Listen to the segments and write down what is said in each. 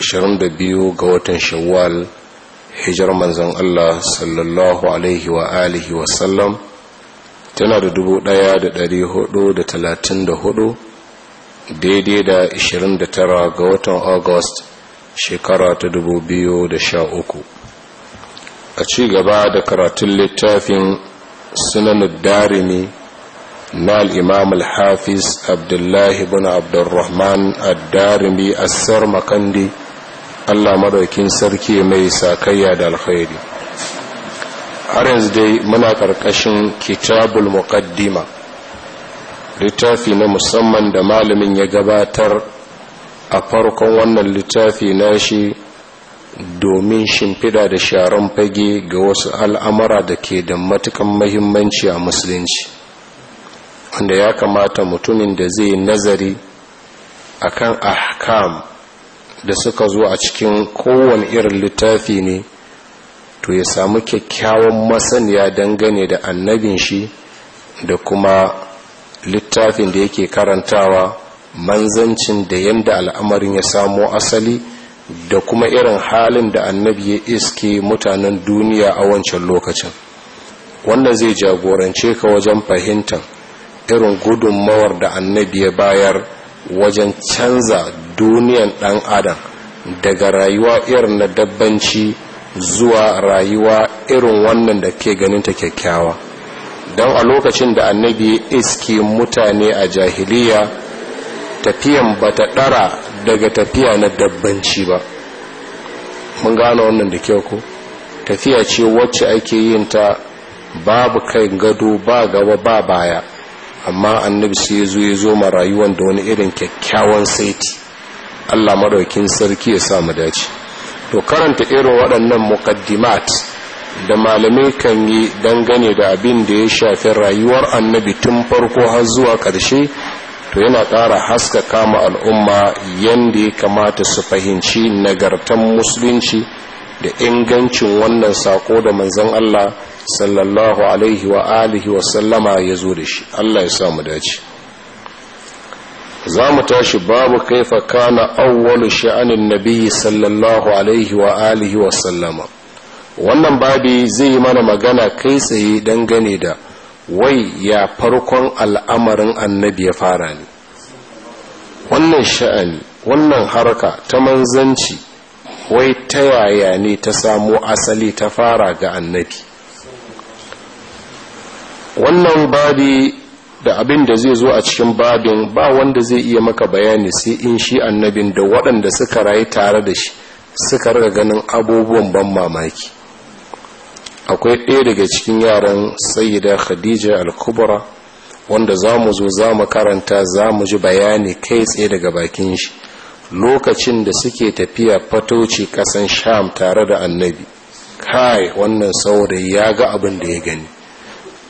22 ga watan shawwal hijar manzon Allah sallallahu alaihi wa alihi wa sallam tana da 1434 daidai da 29 ga watan august shekara ta da sha 2013 a ci gaba da karatun littafin sunanin darimi na al'imam al-hafiz abdullahi bin abdullrahman al darimi a makandi Allah madaukin sarki mai sakayya da alkhairi har yanzu dai muna karkashin kitabul muqaddima littafi na musamman da malamin ya gabatar a farkon wannan littafi na shi domin shimfida da sharan fage ga wasu al'amura da ke da matukan mahimmanci a musulunci wanda ya kamata mutumin da zai nazari akan ahkam da suka zo a cikin kowane irin littafi ne to ya samu kyakkyawan masaniya dangane da annabin shi da kuma littafin da yake karantawa manzancin da yadda al'amarin ya samo asali da kuma irin halin da annabi ya iske mutanen duniya a wancan lokacin wannan zai jagorance ka wajen fahimtar irin gudunmawar da annabi ya bayar wajen canza duniyan dan adam daga rayuwa irin na dabbanci zuwa rayuwa irin wannan da ke ganinta kyakkyawa don a lokacin da annabi ya iske mutane a jahiliya tafiyan bata ta ɗara daga tafiya na dabbanci ba mun gano wannan da kyau ko tafiya ce wacce ake yin ta babu kai gado ba gaba ba baya amma annabi sai ya zo ma rayuwan da wani irin kyakkyawan saiti Allah madaukin sarki ya samu dace to karanta irin waɗannan muqaddimat da malamai kan yi dangane da abin da ya shafi rayuwar annabi tun farko har zuwa ƙarshe to yana ƙara haska kama al'umma yadda ya kamata su fahimci nagartan musulunci da ingancin wannan sako da manzon Allah sallallahu alaihi wa alihi wa sallama ya zo da shi Allah ya samu dace za mu tashi babu kaifa kana awwalu sha'anin nabi sallallahu alaihi wa alihi wa sallama wannan babi zai yi mana magana kai tsaye dangane da wai ya farkon al'amarin annabi ya fara ne wannan sha'ani wannan harka ta manzanci wai ta yaya ne ta samo asali ta fara ga annabi wannan babi da abin da zai zo a cikin babin ba wanda zai iya maka bayani sai in shi annabin da waɗanda suka rayu tare da shi suka raga ganin abubuwan ban mamaki akwai ɗaya daga cikin yaran sayida khadija al-kubra wanda za mu zo za mu karanta za mu ji bayani kai tsaye daga bakin shi lokacin da suke tafiya fatoci ƙasan sham tare da annabi kai wannan saurayi ya ga abin da ya gani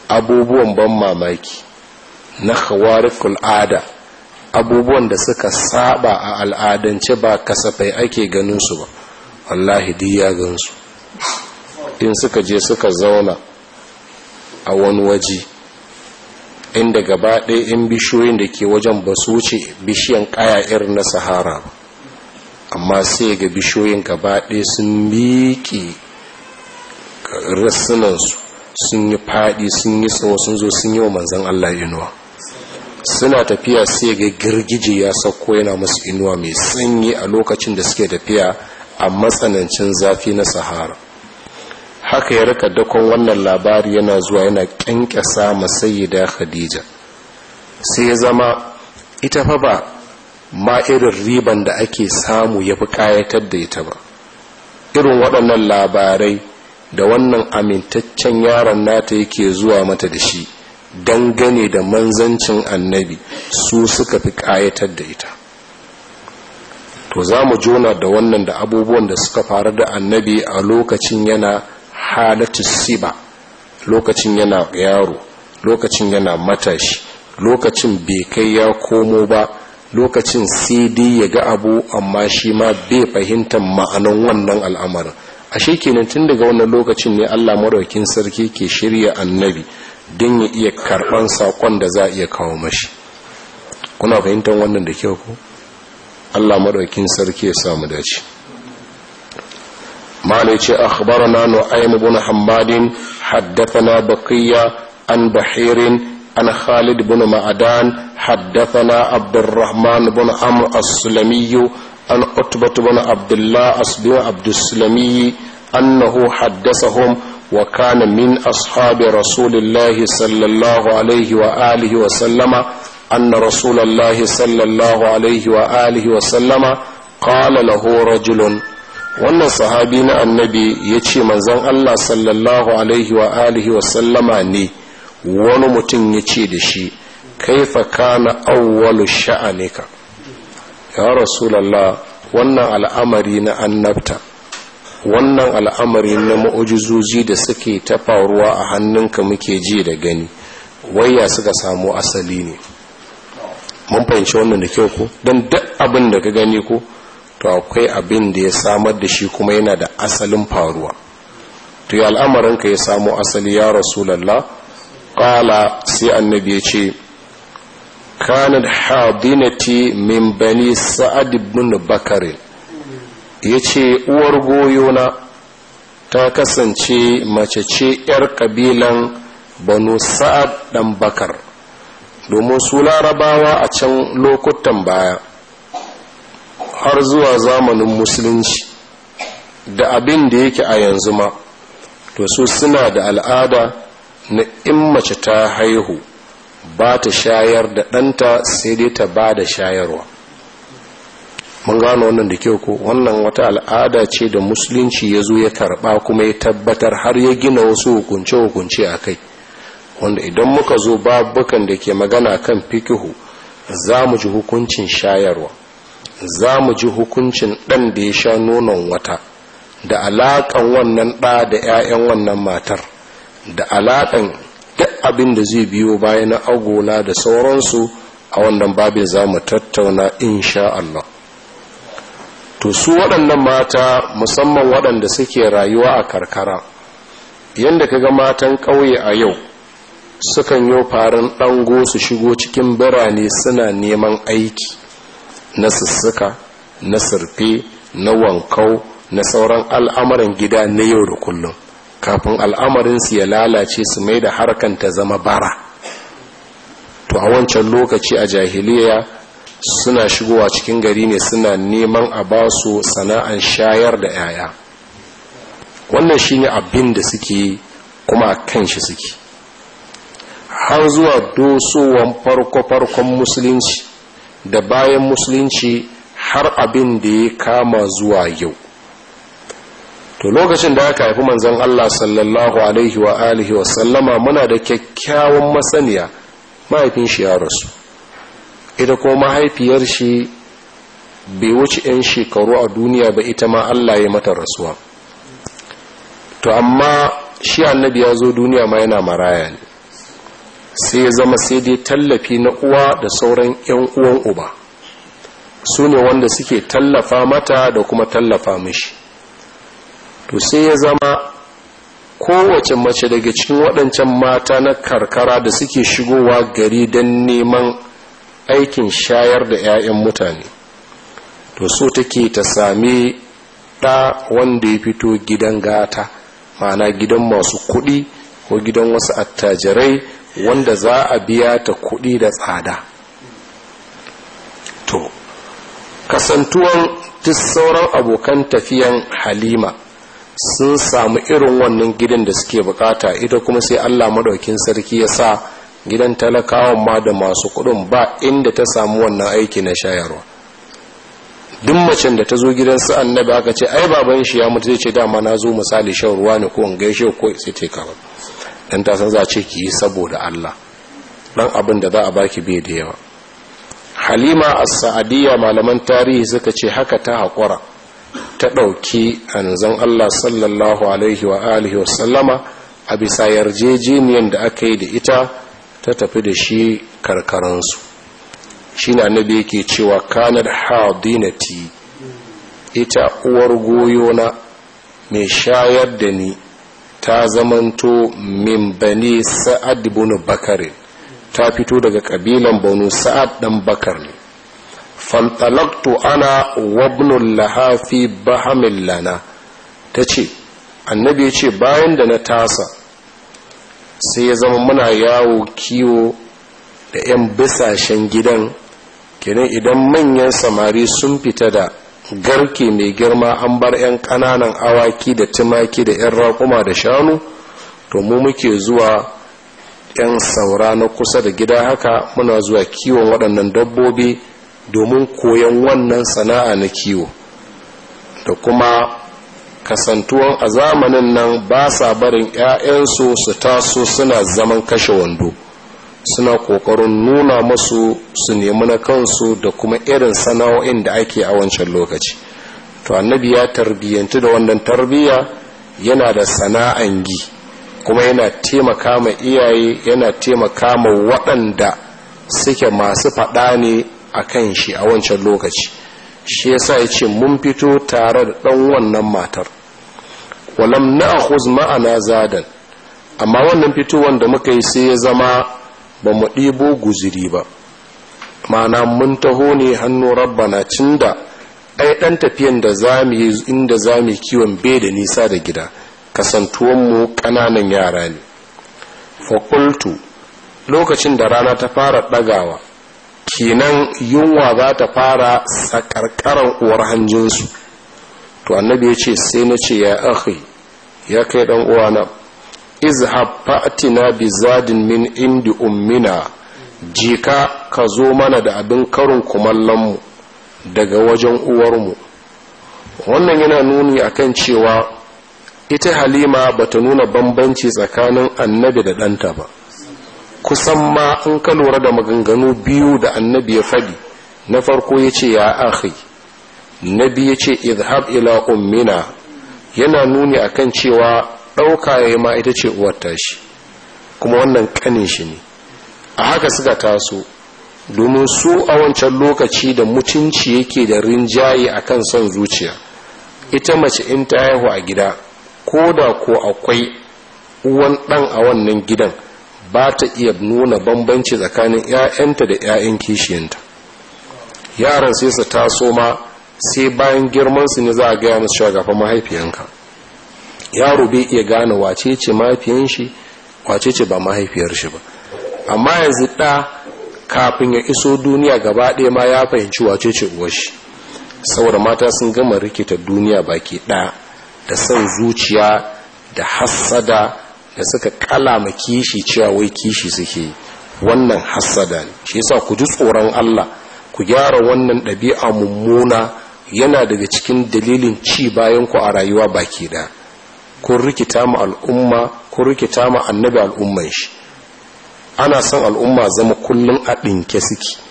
abubuwan ban mamaki na khawarikul ada abubuwan da suka saba a al'adance ba kasafai ake ganin su ba wallahi diya gansu in suka je suka zauna a wani waje inda gaba ɗaya in bishiyoyin da ke wajen ba su wuce bishiyan ƙaya irin na sahara ba amma sai ga bishiyoyin gaba ɗaya sun miƙe rassunansu sun yi faɗi sun yi tsawo sun zo sun yi wa manzan Allah inuwa suna tafiya sai ga girgije ya sauko yana masu inuwa mai sanyi a lokacin da suke tafiya a matsanancin zafi na sahara haka ya rika dakon wannan labari yana zuwa yana kyankyasa da khadija sai ya zama ita fa ba ma irin riban da ake samu ya fi kayatar da ita ba irin waɗannan labarai da wannan amintaccen yaron nata yake zuwa mata da shi dangane da manzancin annabi su suka fi ƙayatar da ita to za mu jona da wannan da abubuwan da suka faru da annabi a lokacin yana halatu siba lokacin yana yaro lokacin yana matashi lokacin bai kai ya komo ba lokacin cd ya ga abu amma shi ma bai fahimtar ma'anan wannan al'amarin ashe kenan tun daga wannan lokacin ne allah maraukin sarki ke shirya annabi din ya iya karban saƙon da za iya kawo mashi kuna fahimtar wannan da kyau ku Allah madaukin sarki ya samu dace malaiche akhbarana nu'aym ibn hammad haddathana bakiya an bahir an khalid Ma'adan ma'dan haddathana abdurrahman ibn amr as-sulami an utbah ibn abdullah an abdussulami Haddasa haddathahum وكان من أصحاب رسول الله صلى الله عليه وآله وسلم أن رسول الله صلى الله عليه وآله وسلم قال له رجل wannan sahabi na annabi ya ce manzan Allah sallallahu alaihi wa alihi wa sallama ne wani mutum ya ce da shi kaifa kana awwalu sha'anika ya rasulallah wannan al'amari na annabta wannan al'amari na ma'ujizozi da suke ta faruwa a hannunka muke ji da gani waya suka samu asali ne mun fahimci wannan da kyau ko don duk abin da ka gani ko to akwai abin da ya samar da shi kuma yana da asalin faruwa to yi al'amarinka ya samu asali ya rasulallah ƙala sai annabi ya ce kanin haɗinati min bani sa'ad ibn bakarin ya ce uwar goyona ta kasance mace ce 'yar kabilan banu sa'ad dan bakar domin su larabawa a can lokutan baya har zuwa zamanin musulunci da abin da yake a yanzu ma to su suna da al'ada na in mace ta haihu ba ta shayar da ɗanta sai dai ta ba da shayarwa mun gano wannan da kyau ko wannan wata al'ada ce da musulunci ya zo ya karba kuma ya tabbatar har ya gina wasu hukunce-hukunce a kai wanda idan muka zo babukan da ke magana kan fikihu za mu ji hukuncin shayarwa za mu ji hukuncin ɗan da ya sha nonon wata da alaƙan wannan ɗa da 'ya'yan wannan matar da alaƙan duk abin da zai biyo bayan agona da sauransu a wannan babin za mu tattauna insha Allah to su waɗannan mata musamman waɗanda suke rayuwa a karkara yadda ga matan ƙauye a yau sukan yi farin ɗango su shigo cikin birane suna neman aiki na sussuka na sirfe na wankau na sauran al'amarin gida na yau da kullum kafin al'amarinsu ya lalace su mai da harkan ta zama bara to a wancan lokaci a jahiliya suna shigowa cikin gari ne suna neman a ba su sana'an shayar da 'ya'ya wannan shine abin da suke kuma kan shi suke har zuwa dosowan farko-farkon musulunci da bayan musulunci har abin da ya kama zuwa yau to lokacin da aka haifi manzon Allah sallallahu alaihi wa alihi wa sallama muna da kyakkyawan masaniya mahaifin shi ya rasu ita ko mahaifiyar shi bai wuce 'yan shekaru a duniya ba ita ma Allah ya mata rasuwa to amma shi annabi ya zo duniya ma yana maraya ne sai ya zama sai dai tallafi na uwa da sauran 'yan uwan uba su ne wanda suke tallafa mata da kuma tallafa mishi to sai ya zama kowace mace daga cikin waɗancan mata na karkara da suke shigowa gari don neman aikin shayar da 'ya'yan mutane to so take ta sami ɗa wanda ya fito gidan gata ma'ana gidan masu kuɗi ko gidan wasu attajirai wanda za a biya ta kuɗi da tsada to kasantuwan duk sauran abokan tafiyan halima sun samu irin wannan gidan da suke bukata ita kuma sai allah maɗaukin sarki ya sa gidan talakawan ma da masu kudin ba inda ta samu wannan aiki na shayarwa duk macen da ta zo gidan su annabi aka ce ai baban shi ya mutu zai ce dama na zo misali shan ruwa ne ko in gaishe ko sai ce ka dan ta san za ce ki yi saboda Allah dan abin da za a baki bai da yawa Halima as-Sa'adiyya malaman tarihi suka ce haka ta hakura ta ɗauki anzan Allah sallallahu alaihi wa alihi wa sallama a bisa yarjejeniyar da aka yi da ita ta tafi da shi karkaransu shi na nabi yake cewa kanar hadinati ita uwar goyona mai shayar da ni ta zamanto min bane sa'ad bin bakarin ta fito daga kabilan banu sa'ad dan bakar ne fantalaktu ana wabnul lahafi bahamin lana ta ce annabi ya ce bayan da na tasa sai ya zama muna yawo kiwo da 'yan bisashen gidan kenan idan manyan samari sun fita da garke mai girma an bar 'yan kananan awaki da tumaki da 'yan raƙuma da shanu to mu muke zuwa 'yan saura na kusa da gida haka muna zuwa kiwon waɗannan dabbobi domin koyon wannan sana'a na kiwo da kuma kasantuwan a zamanin nan ba sa barin 'ya'yansu su taso suna zaman kashe wando suna kokarin nuna masu su nemi na kansu da kuma irin sana'o'in da ake a wancan lokaci to annabi ya tarbiyyanci da wannan tarbiyya yana da sana'an gi kuma yana taimaka ma iyaye yana taimaka ma waɗanda suke masu faɗa ne a kan shi a wancan lokaci shi yasa ya ce mun fito tare da ɗan wannan matar walam na'khuz ma'ana zadan amma wannan fitowar da muka yi sai ya zama ba mu ɗibo guziri ba ma'ana mun taho ne hannu rabbana cinda ɗai ɗan tafiyan da za mu yi inda za mu kiwon bai da nisa da gida kasantuwanmu ƙananan yara ne fakultu lokacin da rana ta fara ɗagawa kenan yunwa za ta fara sakarkaran uwar hanjinsu to annabi ya ce sai na ce ya akhi ya kai dan uwana izhab fa'tina bi zadin min indi ummina jika ka zo mana da abin karin mu. daga wajen uwarmu wannan yana nuni akan cewa ita halima bata nuna bambanci tsakanin annabi da danta ba kusan ma in ka lura da maganganu biyu da annabi ya fadi na farko ya ce ya akhi nabi yace ce izhab ila ummina yana nuni a kan cewa ɗauka ya yi ma ita ce uwar tashi kuma wannan kanin shi ne a haka suka taso domin su a wancan lokaci da mutunci yake da rinjaye a kan son zuciya ita mace in ta haihu a gida ko da ko akwai uwan ɗan a wannan gidan ba ta iya nuna bambanci tsakanin 'ya'yanta da 'ya'yan kishiyanta yaran sai su taso ma sai bayan girman su ne za a gaya masu cewa gafa mahaifiyanka yaro bai iya gane wace ce mahaifiyan shi wace ce ba mahaifiyar shi ba amma yanzu ɗa kafin ya iso duniya gaba ɗaya ma ya fahimci wace ce uwar shi saboda mata sun gama rikita duniya baki ɗaya da san zuciya da hassada da suka kalama kishi cewa wai kishi suke wannan hassada ne shi yasa ku ji tsoron Allah ku gyara wannan ɗabi'a mummuna yana daga cikin dalilin ci bayan ku a rayuwa baki da kun rikita mu al'umma kun rikita ma annabi al'umman shi ana son al'umma zama kullun a ɗinke suke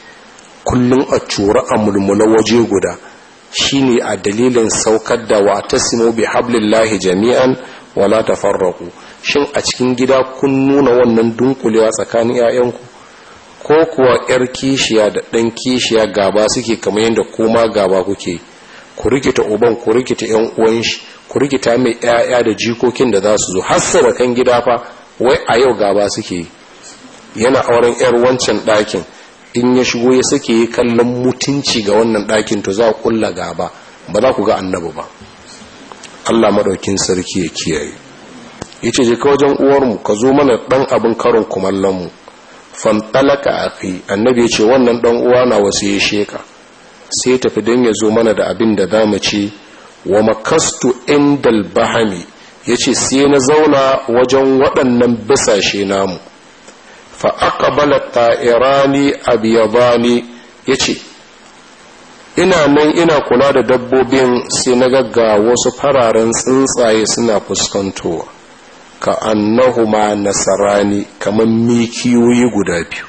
kullun a cura a mulmula waje guda shine a dalilin saukar da wa tasimu bi hablillahi jami'an wala tafarraqu shin a cikin gida kun nuna wannan dunkulewa tsakanin 'ya'yanku ko kuwa yar kishiya da ɗan kishiya gaba suke kamar yadda kuma gaba kuke ku rikita uban ku rikita yan uwan shi ku rikita mai 'ya'ya da jikokin da za su zo har kan gida fa wai a yau gaba suke yana auren yar wancan ɗakin in ya shigo ya suke kallon mutunci ga wannan ɗakin to za ku kulla gaba ba za ku ga annabi ba Allah madaukin sarki ya kiyaye yace je ka wajen uwarmu ka zo mana ɗan abin karin kumallon mu fantalaka akhi annabi ya ce wannan dan uwa na wasu ya sheka sai tafi dan ya zo mana da abin da zamu ci wa makastu indal bahami yace sai na zauna wajen waɗannan bisashe namu fa aqbala ta'irani abyadani yace ina nan ina kula da dabbobin sai na ga wasu fararen tsuntsaye suna fuskantowa ka annahuma nasarani kaman mikiyoyi guda biyu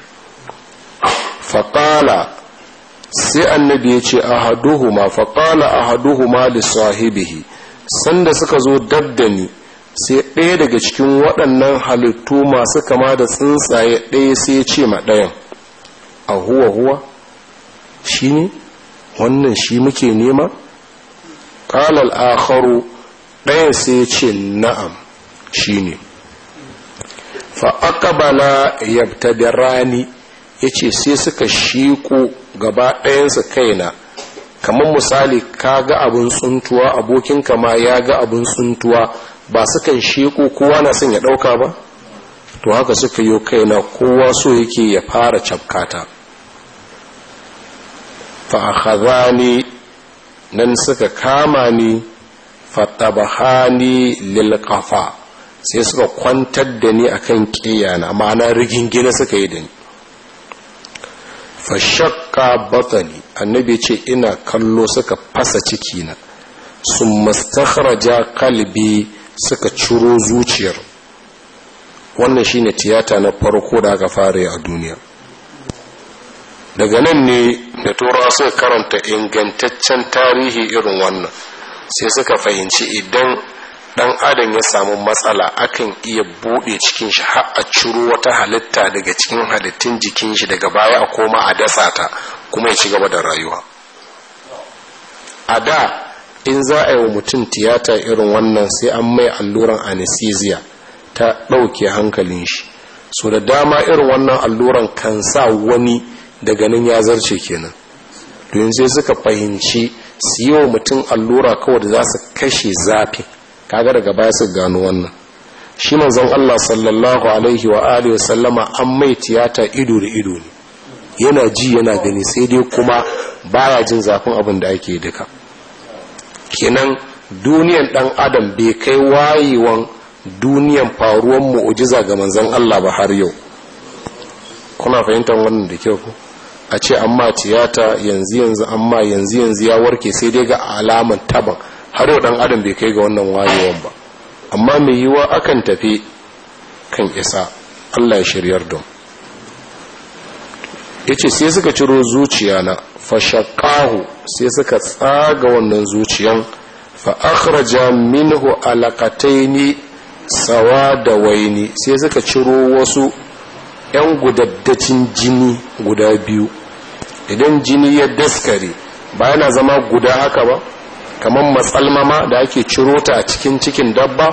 faƙala sai annabi ya ce ahaduhuma faƙala ahaduhuma li sahibihi sanda suka zo daddani sai ɗaya daga cikin waɗannan halittu masu kama da tsuntsaye ɗaya sai ya ce ma ɗayan a huwa huwa shi ne wannan shi muke nema ƙalal akharu ɗaya sai ya ce na'am shine fa aqbala yabtadirani yace sai suka shiko gaba ɗayansa kaina kamar misali ka ga abin tsuntuwa abokin ma ya ga abin tsuntuwa ba sukan shiko kowa na son ya ɗauka ba to haka suka yi kaina kowa so yake ya fara cafkata fa'akhazani nan suka kama ni fattabahani lilqafa sai suka kwantar da ni akan kiyana ma'ana rigingina suka yi da ni fashakka batani annabi ce ina kallo suka fasa cikina sun mastakharaja kalbi suka ciro zuciyar wannan shine tiyata na farko da aka fara a duniya daga nan ne da tura suka karanta ingantaccen tarihi irin wannan sai suka fahimci idan dan adam ya samu matsala akan iya buɗe cikin shi har a ciro wata halitta daga cikin halittun jikin shi daga baya a koma a dasa ta kuma ya ci gaba da rayuwa a da in za a yi wa mutum tiyata irin wannan sai an mai alluran anesthesia ta ɗauke hankalin shi so da dama irin wannan alluran kan sa wani daga nan ya zarce kenan domin sai suka fahimci su yi wa mutum allura kawai da za su kashe zafin kaga daga baya su gano wannan shi manzon Allah sallallahu alaihi wa alihi wa sallama an mai tiyata ido da ido ne yana ji yana gani sai dai kuma baya jin zafin abin da ake duka kenan duniyan dan adam bai kai wayewan duniyan faruwan mu'ujiza ga manzon Allah ba har yau kuna fahimtar wannan da kyau ku a ce amma tiyata yanzu yanzu amma yanzu yanzu ya warke sai dai ga alaman taban har yau adam bai kai ga wannan wayewan ba amma mai yiwa akan tafi kan isa Allah ya shiryar don yace sai suka ciro zuciya na fashaqahu sai suka tsaga wannan zuciyan fa akhraja minhu alaqataini sawadawaini sai suka ciro wasu yan gudaddacin jini guda biyu idan jini ya daskare ba yana zama guda haka ba kamar matsalmama da ake ciro ta a cikin cikin dabba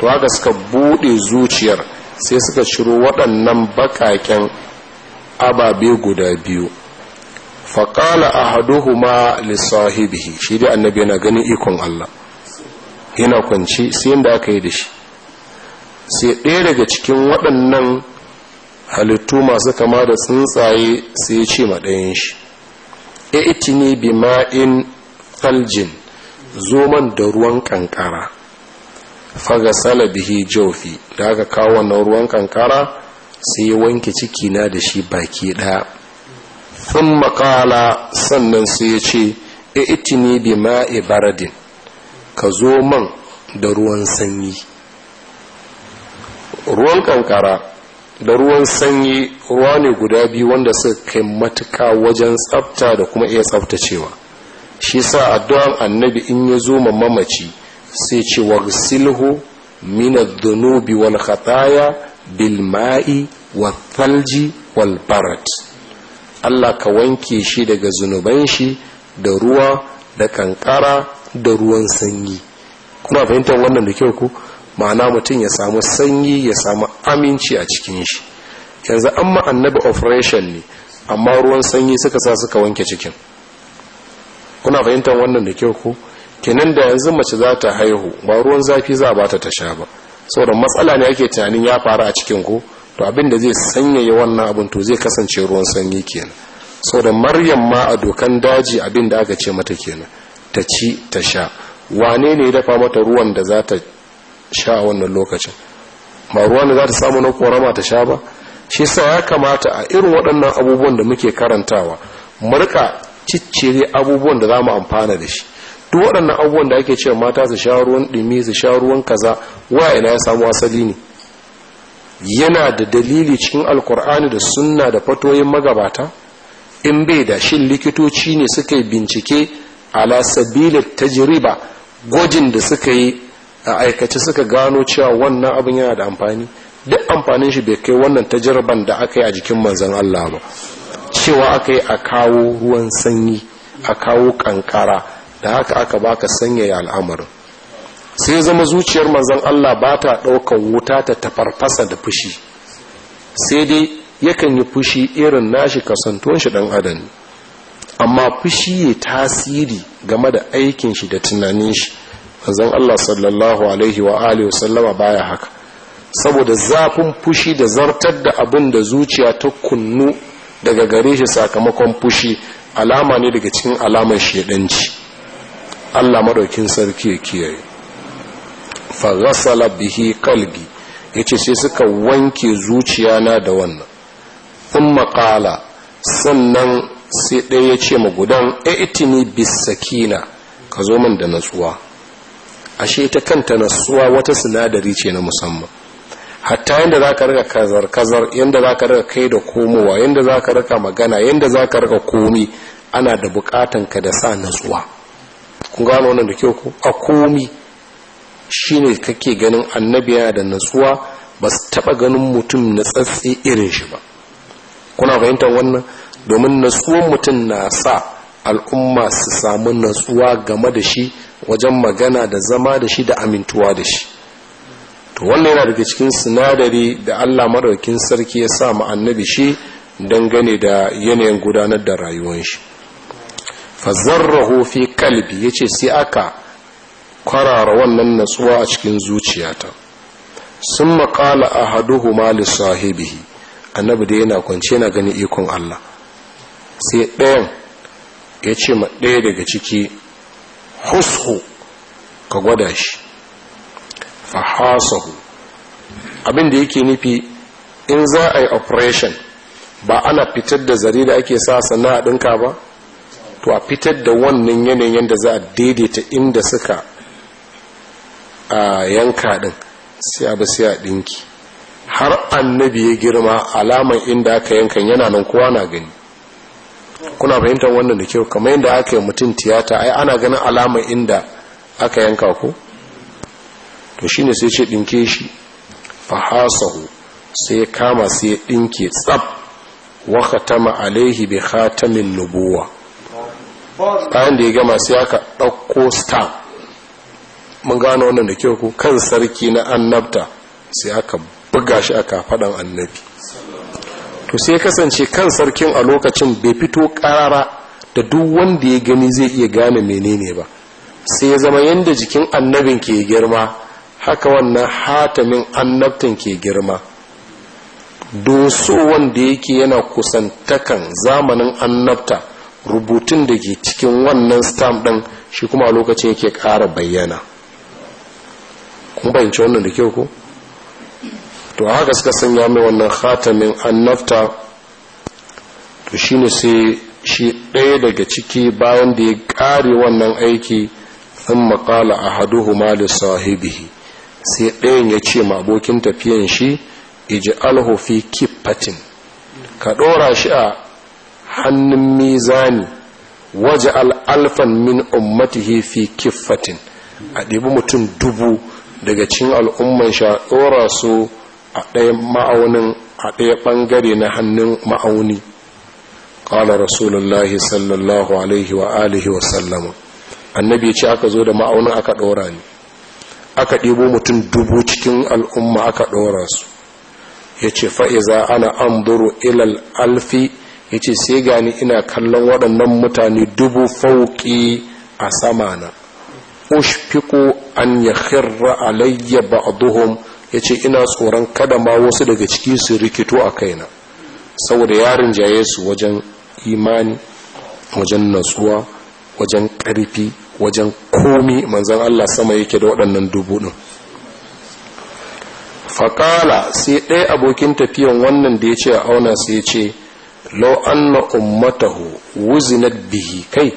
to haka suka bude zuciyar sai suka ciro waɗannan baƙaƙen ababe guda biyu faƙala a haduhuma lissahibihi shi dai annabi na ganin ikon Allah yana kwanci sai yadda aka yi da shi sai ɗaya daga cikin waɗannan halittu masu kama da tsuntsaye sai ce ma shi e itini bi ma'in zoman da ruwan kankara faga sala bihi jofi da aka kawo wannan ruwan kankara sai ya wanke ciki na da shi baki daya sun makala sannan sai ya ce itini bi ma'i baradin ka zo man da ruwan sanyi ruwan kankara da ruwan sanyi ruwa ne guda biyu wanda suka kai matuka wajen tsafta da kuma iya tsaftacewa shi sa addu'an annabi in ya zo ma mamaci sai ce silhu silho adh-dhunubi wal khataya bil ma'i wa wal barat Allah ka wanke shi daga zunuban shi da ruwa da kankara da ruwan sanyi kuma fahimtar wannan da kyau ku ma'ana mutum ya samu sanyi ya samu aminci a cikin shi yanzu an annabi operation ne amma ruwan sanyi suka sa suka wanke cikin kuna fahimtar wannan da kyau ko kenan da yanzu mace za ta haihu ba ruwan zafi za a bata ta sha ba saboda matsala ne ake tunanin ya faru a cikin ku to abin da zai sanya wannan abin to zai kasance ruwan sanyi kenan saboda maryam ma a dokan daji abin da aka ce mata kenan ta ci ta sha wane ne ya dafa mata ruwan da za ta sha wannan lokacin ba ruwan da za ta samu na korama ta sha ba shi sa ya kamata a irin waɗannan abubuwan da muke karantawa murka ciccire abubuwan da za mu amfana da shi duk waɗannan abubuwan da ake cewa mata su sha ruwan ɗumi su sha ruwan kaza wa ina ya samu asali ne yana da dalili cikin alkur'ani da sunna da fatoyin magabata in bai da shin likitoci ne suka yi bincike ala sabila tajriba gwajin da suka yi a aikace suka gano cewa wannan abin yana da amfani duk amfanin shi bai kai wannan tajriban da aka yi a jikin manzon Allah ba cewa aka yi a kawo ruwan sanyi a kawo kankara da haka aka baka sanyaya al'amarin sai zama zuciyar manzan Allah ba ta ɗaukan wuta ta tafarfasa da fushi sai dai yakan yi fushi irin nashi kasantuwan shi ɗan adam amma fushi ya tasiri game da aikin shi da tunanin shi manzan Allah sallallahu alaihi wa alihi wasallama baya haka saboda zafin fushi da zartar da abin da zuciya ta kunnu daga gare shi sakamakon fushi alama ne daga cikin alamar shedanci Allah madaukin sarki ya kiyaye fa ghassala bihi qalbi yace sai suka wanke zuciya na da wannan thumma qala sannan sai ɗaya ya ce gudan itini bisakina ka zo min da natsuwa ashe ta kanta natsuwa wata sinadari ce na musamman hatta yadda za ka rika kazar-kazar yadda za ka rika kai da komowa yadda za ka rika magana yadda za ka rika komi ana da bukatan ka da sa natsuwa kun gano wannan da kyau ku a komi shine kake ganin annabi yana da natsuwa ba su taba ganin mutum natsatsi irin shi ba kuna fahimtar wannan domin natsuwan mutum na sa al'umma su samu natsuwa game da shi wajen magana da zama da shi da amintuwa da shi to wannan yana daga cikin sinadari da Allah maɗaukin sarki ya sa ma annabi shi dangane da yanayin gudanar da rayuwar shi fazarrahu fi kalbi yace sai aka kwarara wannan natsuwa a cikin zuciyata sun maƙala a haduhu mali sahibihi annabi da yana kwance yana gani ikon Allah sai ɗayan ya ce ma ɗaya daga ciki hushu ka gwada shi fahasahu abin da yake nufi in za a yi operation ba ana fitar da zare da ake sa a ɗinka ba to a fitar da wannan yanayin da za a daidaita inda suka a yanka ɗin sai abu sai a ɗinki har annabi ya girma alaman inda aka yankan yana nan kowa na gani kuna fahimtar wannan da kyau kamar yadda aka yi mutum tiyata ai ana ganin alaman inda aka yanka ko to shine sai ce dinke shi fahasahu sai ya kama sai ya dinke tsab wa khatama alaihi bi khatamin nubuwa bayan da ya gama sai aka ɗauko stamp mun gano wannan da kyau ko kan sarki na annabta sai aka buga shi aka faɗan annabi to sai kasance kan sarkin a lokacin bai fito ƙara da duk wanda ya gani zai iya gane menene ba sai ya zama yadda jikin annabin ke girma haka wannan hatamin annabtan ke girma doso wanda yake yana kusantakan zamanin annabta rubutun da ke cikin wannan stamp ɗin shi kuma lokacin yake ƙara bayyana kun bayyance wannan da kyau ko to haka suka sanya mai wannan hatamin annabta to shi ne sai shi ɗaya daga ciki bayan da ya ƙare wannan aiki sun maƙala a haduhu mali sahibihi sai ɗayan ya ce ma abokin tafiyan shi iji alhofi kippatin ka ɗora shi a hannun mizani waje al'alfan min ummatihi fi kiffatin a ɗibi mutum dubu daga cin al'umman sha ɗora su a ɗaya ma'aunin a ɗaya ɓangare na hannun ma'auni ƙala rasulullahi sallallahu alaihi wa alihi wa sallama annabi ce aka zo da ma'aunin aka ɗora ne aka ɗebo mutum dubu cikin al'umma aka ɗora su ya ce fa'iza ana an duru ilal alfi ya ce sai gani ina kallon waɗannan mutane dubu fauki a samana ushfiku an ya khirra alayya ba'duhum ya ce ina tsoron kada ma wasu daga ciki su rikito a kaina saboda yarin jaye su wajen imani wajen natsuwa wajen ƙarfi wajen komi manzan Allah sama yake da waɗannan dubu ɗin faƙala sai ɗaya abokin tafiyan wannan da ya ce a auna sai ce lau anna ummatahu wuzinat bihi kai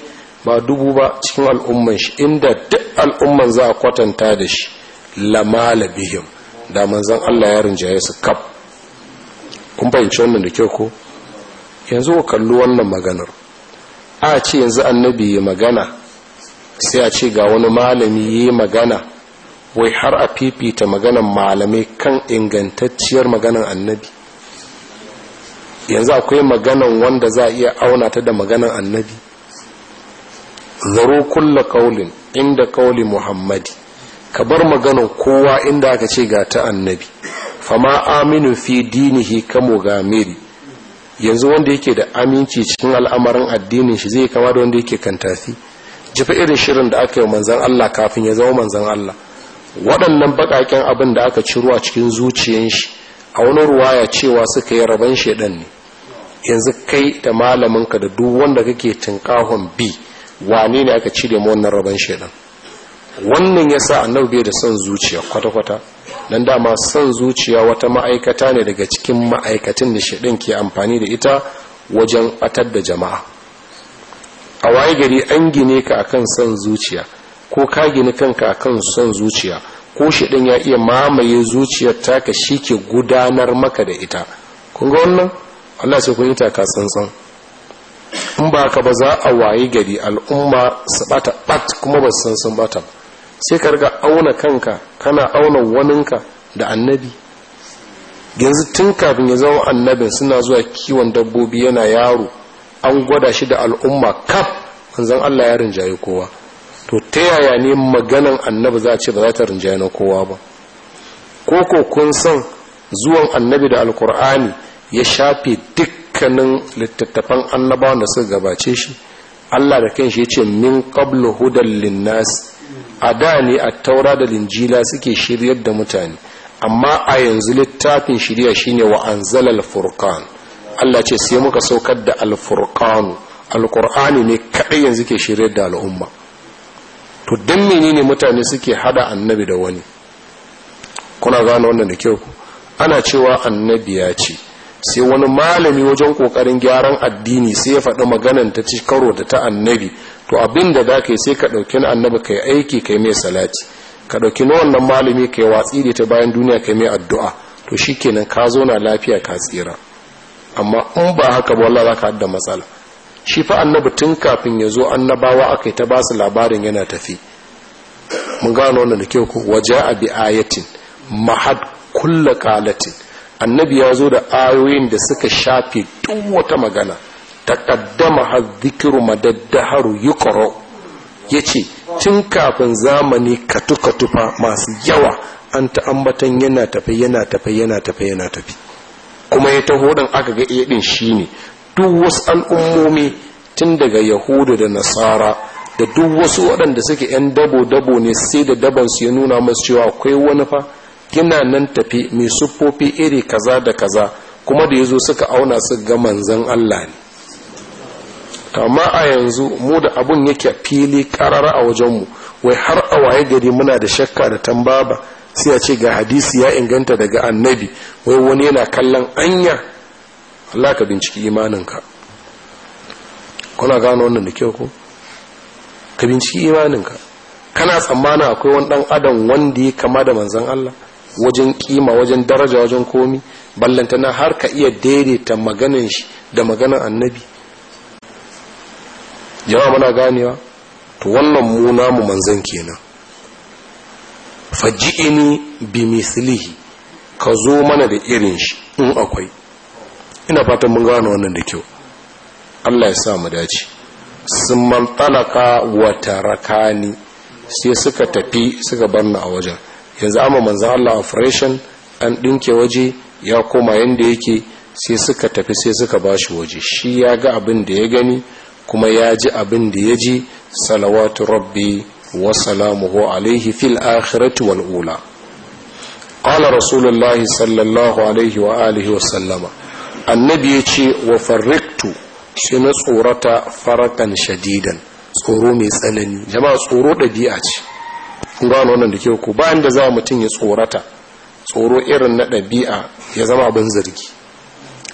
ba dubu ba cikin al'umman shi inda duk al'umman za a kwatanta da shi lamala bihim da manzan Allah ya rinjaye su kaf kun fahimci wannan da kyau ko yanzu ku kalli wannan maganar a ce yanzu annabi ya magana sai a ce ga wani malami yi magana wai har a fifita maganan malamai kan ingantacciyar maganan annabi yanzu akwai maganan wanda za a iya auna ta da maganan annabi zaro kulla kaulin inda kauli muhammadi ka bar maganan kowa inda aka ce ga ta annabi fama aminu fi dinihi kamo gamiri yanzu wanda yake da aminci cikin al'amarin addinin shi zai kama da wanda yake kan jifi irin shirin da aka yi manzan Allah kafin ya zama manzan Allah waɗannan baƙaƙen abin da aka ciro a cikin zuciyan shi a wani ruwa ya cewa suka yi rabon shaidan ne yanzu kai da malaminka da duk wanda kake tinkahon bi wane ne aka cire ma wannan raban shaidan wannan yasa annabi bai da son zuciya kwata-kwata dan dama son zuciya wata ma'aikata ne daga cikin ma'aikatan da shaidan ke amfani da ita wajen atar da jama'a a waye gari an gine ka akan son zuciya ko ka gini kanka akan son zuciya ko shi din ya iya mamaye zuciyar taka shi ke gudanar maka da ita kun ga wannan Allah sai kun yi taka tsantsan in ba ka ba za a waye gari al'umma su bata bat kuma ba san sun bata sai ka riga auna kanka kana auna waninka da annabi yanzu tun kafin ya zama annabin suna zuwa kiwon dabbobi yana yaro an gwada shi da al'umma kaf manzon Allah ya rinjaye kowa to ta yaya ne maganan annabi za ce ba za ta rinjaye na kowa ba ko ko kun san zuwan annabi da alkur'ani ya shafe dukkanin littattafan annabawan da suka gabace shi Allah da kanshi ya ce min qablu hudan linnas a da ne a taura da linjila suke shiryar da mutane amma a yanzu littafin shirya shine wa anzalal furqan Allah ce sai muka saukar da alfurqanu alqur'ani ne kadai yanzu ke shirye da al'umma to dan menene mutane suke hada annabi da wani kuna gane wannan da kyau ana cewa annabi ya ce sai wani malami wajen kokarin gyaran addini sai ya faɗi maganan ta ci karo da ta annabi to abinda da zaka sai ka ɗauki annabi kai aiki kai mai salati ka ɗauki na wannan malami kai watsi da ta bayan duniya kai mai addu'a to shi shikenan ka zo na lafiya ka tsira amma in ba haka ba wallahi zaka hadda matsala shi fa annabi tun kafin yazo annabawa akai ta ba su labarin yana tafi mun gano wannan da kyau ko waja'a bi ayatin mahad kullu qalatin annabi ya zo da ayoyin da suka shafe duk wata magana taqaddama hadhikiru madaddaharu yuqra yace tun kafin zamani katuka tufa masu yawa an ta ambatan yana tafi yana tafi yana tafi yana tafi. kuma ya taho ɗin aka ga iya eh ɗin shi ne duk wasu al'ummomi tun daga yahudu da nasara da duk wasu waɗanda suke 'yan dabo-dabo ne sai da dabansu ya nuna masu cewa akwai wani fa yana nan tafi mai siffofi iri kaza da kaza kuma da ya zo suka auna su ga manzan Allah ne amma a yanzu mu da abun yake fili karara a wajenmu wai har a waye gari muna da shakka da tambaba sai a ce ga hadisi ya inganta daga annabi wai wani yana kallon anya Allah ka binciki imaninka kuna gano wannan da kyau ko ka binciki imaninka kana tsammana akwai wani dan adam wanda ya kama da manzon Allah wajen kima wajen daraja wajen komi ballantana har ka iya daidaita maganin shi da maganin annabi jama'a muna ganewa to wannan mu namu manzon kenan faji'ini bi mislihi ka zo mana da irin shi in akwai ina fatan mun gane wannan da kyau Allah ya sa mu dace sun mantalaka wa tarakani sai suka tafi suka barna a wajen yanzu amma manzon Allah operation an dinke waje ya koma yanda yake sai suka tafi sai suka bashi waje shi ya ga abin da ya gani kuma ya ji abin da ya ji salawatu rabbi wa salamuhu fil akhirati wal'ula ala qala rasulullahi sallallahu alaihi wa alihi wa sallama annabi yace wa farriktu sai tsorata farakan shadidan tsoro mai tsanani jama'a tsoro ɗabi'a ce kun gano wannan da ke ku bayan da za mutum ya tsorata tsoro irin na ɗabi'a ya zama abin zargi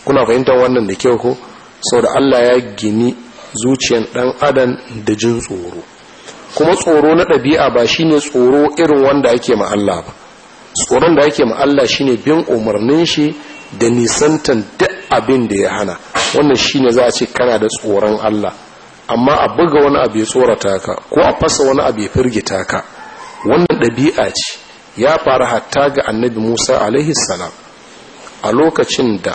kuna fahimtar wannan da kyau ko sau da allah ya gini zuciyan ɗan adam da jin tsoro kuma tsoro na ɗabi'a ba shi ne tsoro irin wanda ake ma Allah ba tsoron da ake ma Allah ne bin umarnin shi da nisantan duk abin da ya hana wannan shi ne za a ce kana da tsoron Allah amma a buga wani abu ya tsorata ka ko a fasa wani abu ya firgita ka wannan ɗabi'a ce ya fara hatta ga annabi Musa alaihi salam a lokacin da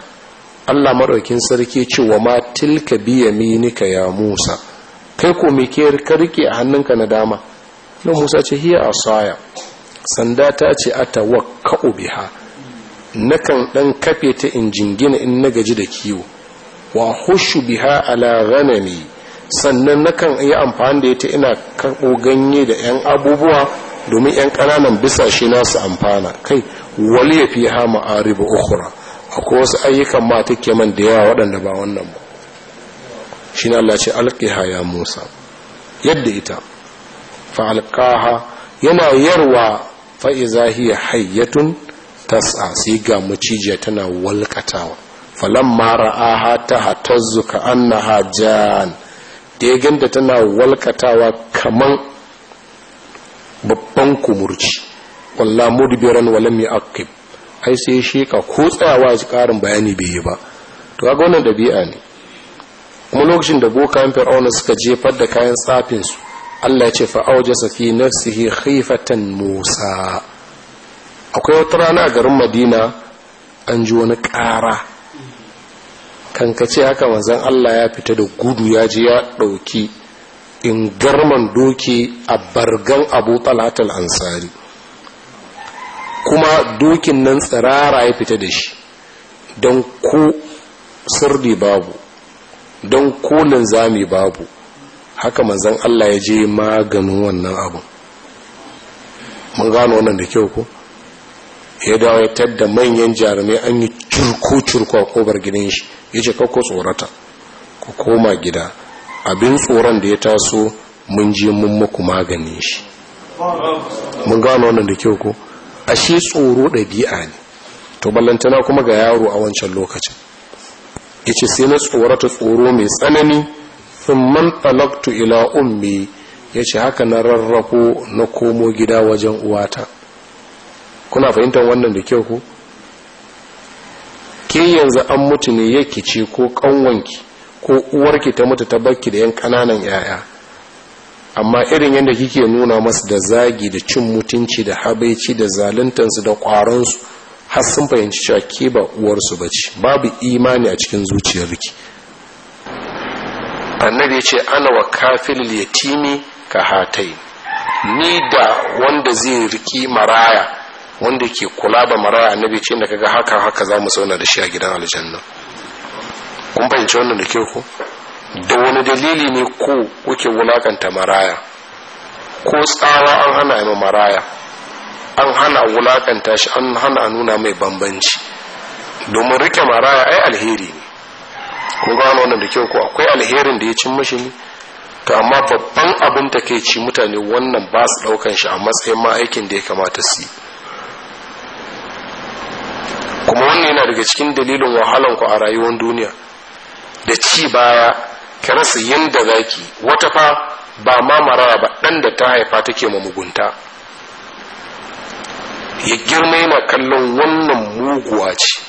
Allah maɗaukin sarki ce wa ma tilka mini ka ya Musa kai ko me ke ka rike a hannunka na dama nan musa ce hiya asaya sanda ta ce atawakka'u biha nakan dan kafe ta in jingina in na gaji da kiwo wa hushu biha ala ghanami sannan nakan yi amfani da ita ina karbo ganye da yan abubuwa domin yan kananan shi nasu amfana kai wali ya fi ha ma'aribu ukhra akwai wasu ayyukan ma take man da yawa waɗanda ba wannan ba shi na Allah ce alƙiha ya musa yadda ita fa'alƙaha yana yarwa fa'iza hiya hayyatun tas'a sai ga macijiya tana walƙatawa falamma ra'aha ta hatazzu an na hajjan da ya ganda tana walƙatawa kaman babban kumurci walla mudbiran walam akwai ai sai ka ko tsayawa ji karin bayani bai yi ba to ga wannan dabi'a ne kuma lokacin da bokan fir'auna suka jefar da kayan tsafin su Allah ya ce fa'au jasa fi nafsihi khifatan Musa akwai wata rana a garin Madina an ji wani ƙara ce haka manzon Allah ya fita da gudu ya je ya ɗauki. in garman doki a bargan Abu Talatul Ansari kuma dokin nan tsirara ya fita da shi don ko sirri babu don kolin zami babu haka manzan Allah ya je maganin wannan abu mun gano wannan da kyau ko ya dawo ya tadda manyan jarumai an yi curko-curko a kobar gidan shi ya ce kakko tsorata ku koma gida abin tsoron da ya taso mun je mun muku maganin shi mun gano wannan da kyau ko ashe tsoro ɗabi'a ne to ballantana kuma ga yaro a wancan lokacin ya ce sai na tsorata tsoro mai tsanani sun man talaktu ila ummi ya ce haka na rarrafo na komo gida wajen uwata kuna fahimtar wannan da kyau ku ke yanzu an mutu ne ya kice ko kanwanki ko uwarki ta mutu ta bakki da yan kananan yaya amma irin yadda kike nuna masu da zagi da cin mutunci da habaici da zaluntansu da kwaransu har sun fahimci cewa ke ba uwarsu ba ce babu imani a cikin zuciyar riki. annabi ya ce ana wa kafin yatimi ka hatai ni da wanda zai riki maraya wanda ke kula ba maraya annabi ce daga kaga haka haka za mu sauna da shi a gidan aljanna kun fahimci wannan da ke ku da wani dalili ne ko kuke wulakanta maraya ko tsawa an hana ma maraya an hana wulakanta shi an hana nuna mai bambanci domin rike maraya ai alheri ne ko gano wannan da kyau ko akwai alherin da ya cin mashi ne to amma babban abin ta kai ci mutane wannan ba su daukan shi a matsayin ma aikin da ya kamata su kuma wannan yana daga cikin dalilin wahalan ku a rayuwar duniya da ci baya ka rasa yanda zaki wata fa ba ma maraya ba dan da ta haifa take ma mugunta ya girma yana kallon wannan muguwa ce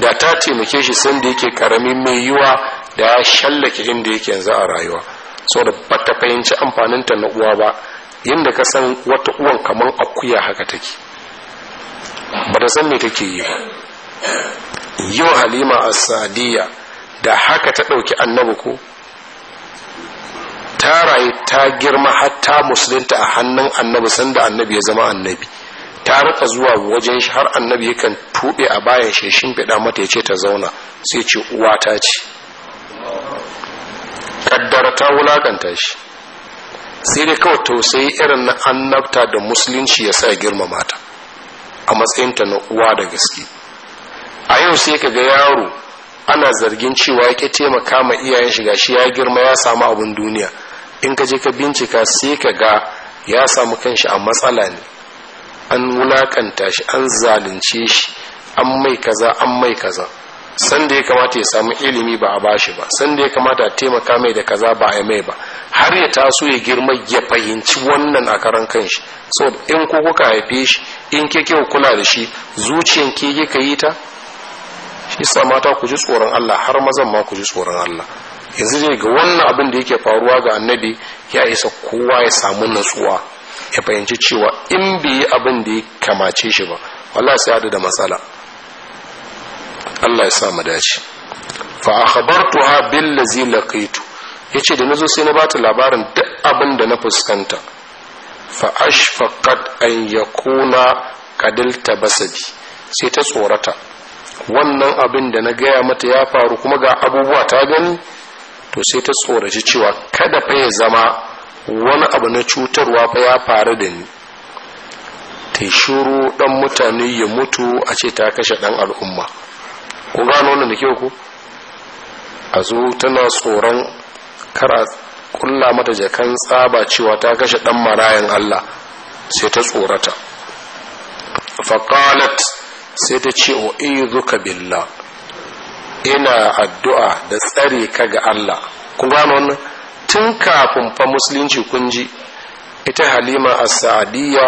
da ta taimake shi sanda yake karamin mai yiwa da ya shallake inda yake yanzu a rayuwa saboda da bata fahimci amfaninta na uwa ba yadda ka san wata uwan kamar akuya haka take ba ta san me take yi ba yau halima a sadiya da haka ta ɗauki annabi ko ta rayu ta girma hatta musulunta a hannun annabi sanda annabi ya zama annabi ta rika zuwa wajen shi har annabi yakan tuɓe a bayan shi shimfiɗa mata ya ce ta zauna sai ce uwa ta ce kaddara ta wulakanta shi sai dai kawai tausayi irin na annabta da musulunci ya sa girmama mata a matsayinta na uwa da gaske a yau sai ka ga yaro ana zargin cewa yake taimaka ma iyayen shi gashi ya girma ya samu abin duniya in ka je ka bincika sai ka ga ya samu kanshi a matsala ne an wulakanta shi an zalunce shi an mai kaza an mai kaza sanda ya kamata ya samu ilimi ba a bashi ba sanda ya kamata a taimaka mai da kaza ba a mai ba har ya taso ya girma ya fahimci wannan a karan kanshi so in ko kuka haife shi in ke kyau kula da shi zuciyan ke ka yi ta shi sa mata ku ji tsoron Allah har mazan ma ku ji tsoron Allah yanzu ne ga wannan abin da yake faruwa ga annabi ya isa kowa ya samu natsuwa ya fahimci cewa in bai yi abin da ya kamace shi ba wallahi sai hadu da matsala Allah ya sa mu dace fa akhbartuha billazi laqitu yace da nazo sai na bata labarin duk abin da na fuskanta fa ashfaqat an yakuna qadilta basabi sai ta tsorata wannan abin da na gaya mata ya faru kuma ga abubuwa ta gani to sai ta tsoraci cewa kada fa ya zama wani abu na cutarwa fa ya faru da ni ta shuru dan mutane ya mutu a ce ta kashe dan al'umma ku gano wannan da kyau ku a zo tana tsoron kara kulla mata jakan tsaba cewa ta kashe dan marayan Allah sai ta tsorata faqalat sai ta ce wa idhuka billah ina addu'a da tsare ka ga Allah kun gano wannan tun kafin fa musulunci kun ji ita halima a sa'adiyya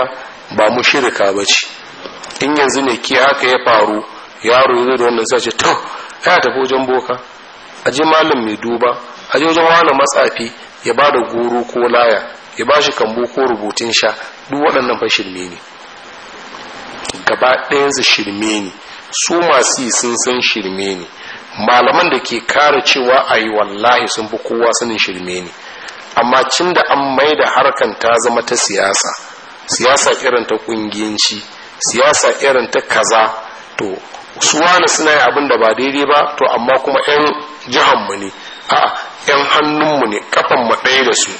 ba mu shirka ba ce in yanzu ne ke haka ya faru yaro yanzu da wannan sace to ya tafi wajen boka a ji malam mai duba a ji wajen wani matsafi ya ba da goro ko laya ya ba shi kambo ko rubutun sha duk waɗannan fa shirme ne gaba ɗayansu shirme ne su masu yi sun san shirme ne malaman da ke kare cewa a yi wallahi sun fi kowa sanin shirme ne amma cin da an mai da harkan ta zama ta siyasa siyasa irin ta kungiyanci siyasa irin ta kaza to su wani suna yi abin da ba daidai ba to amma kuma 'yan jihanmu ne a 'yan hannunmu ne kafan mu ɗaya da su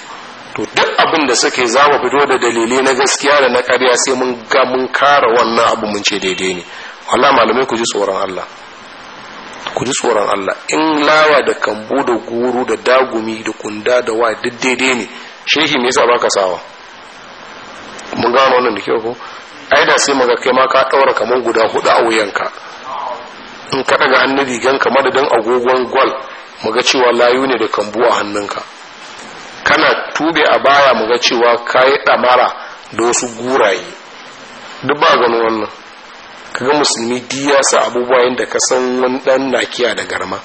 to duk abin da suke za fito da dalilai na gaskiya da na karya sai mun ga mun kara wannan abu mun ce daidai ne wallah malamai ku ji tsoron Allah ku ji tsoron Allah in lawa da kambu da guru da dagumi da kunda da wa duk daidai ne shehi me yasa baka sawa mun gano wannan da kyau ko ai da sai maga kai ma ka daura kaman guda hudu a wuyanka in ka daga annabi ganka madadin agogon gwal muga cewa layu ne da kambu a hannunka kana tube a baya muga cewa kayi damara da wasu guraye duk ba ganin wannan kaga musulmi diya sa abubuwa yadda ka san wani dan nakiya da garma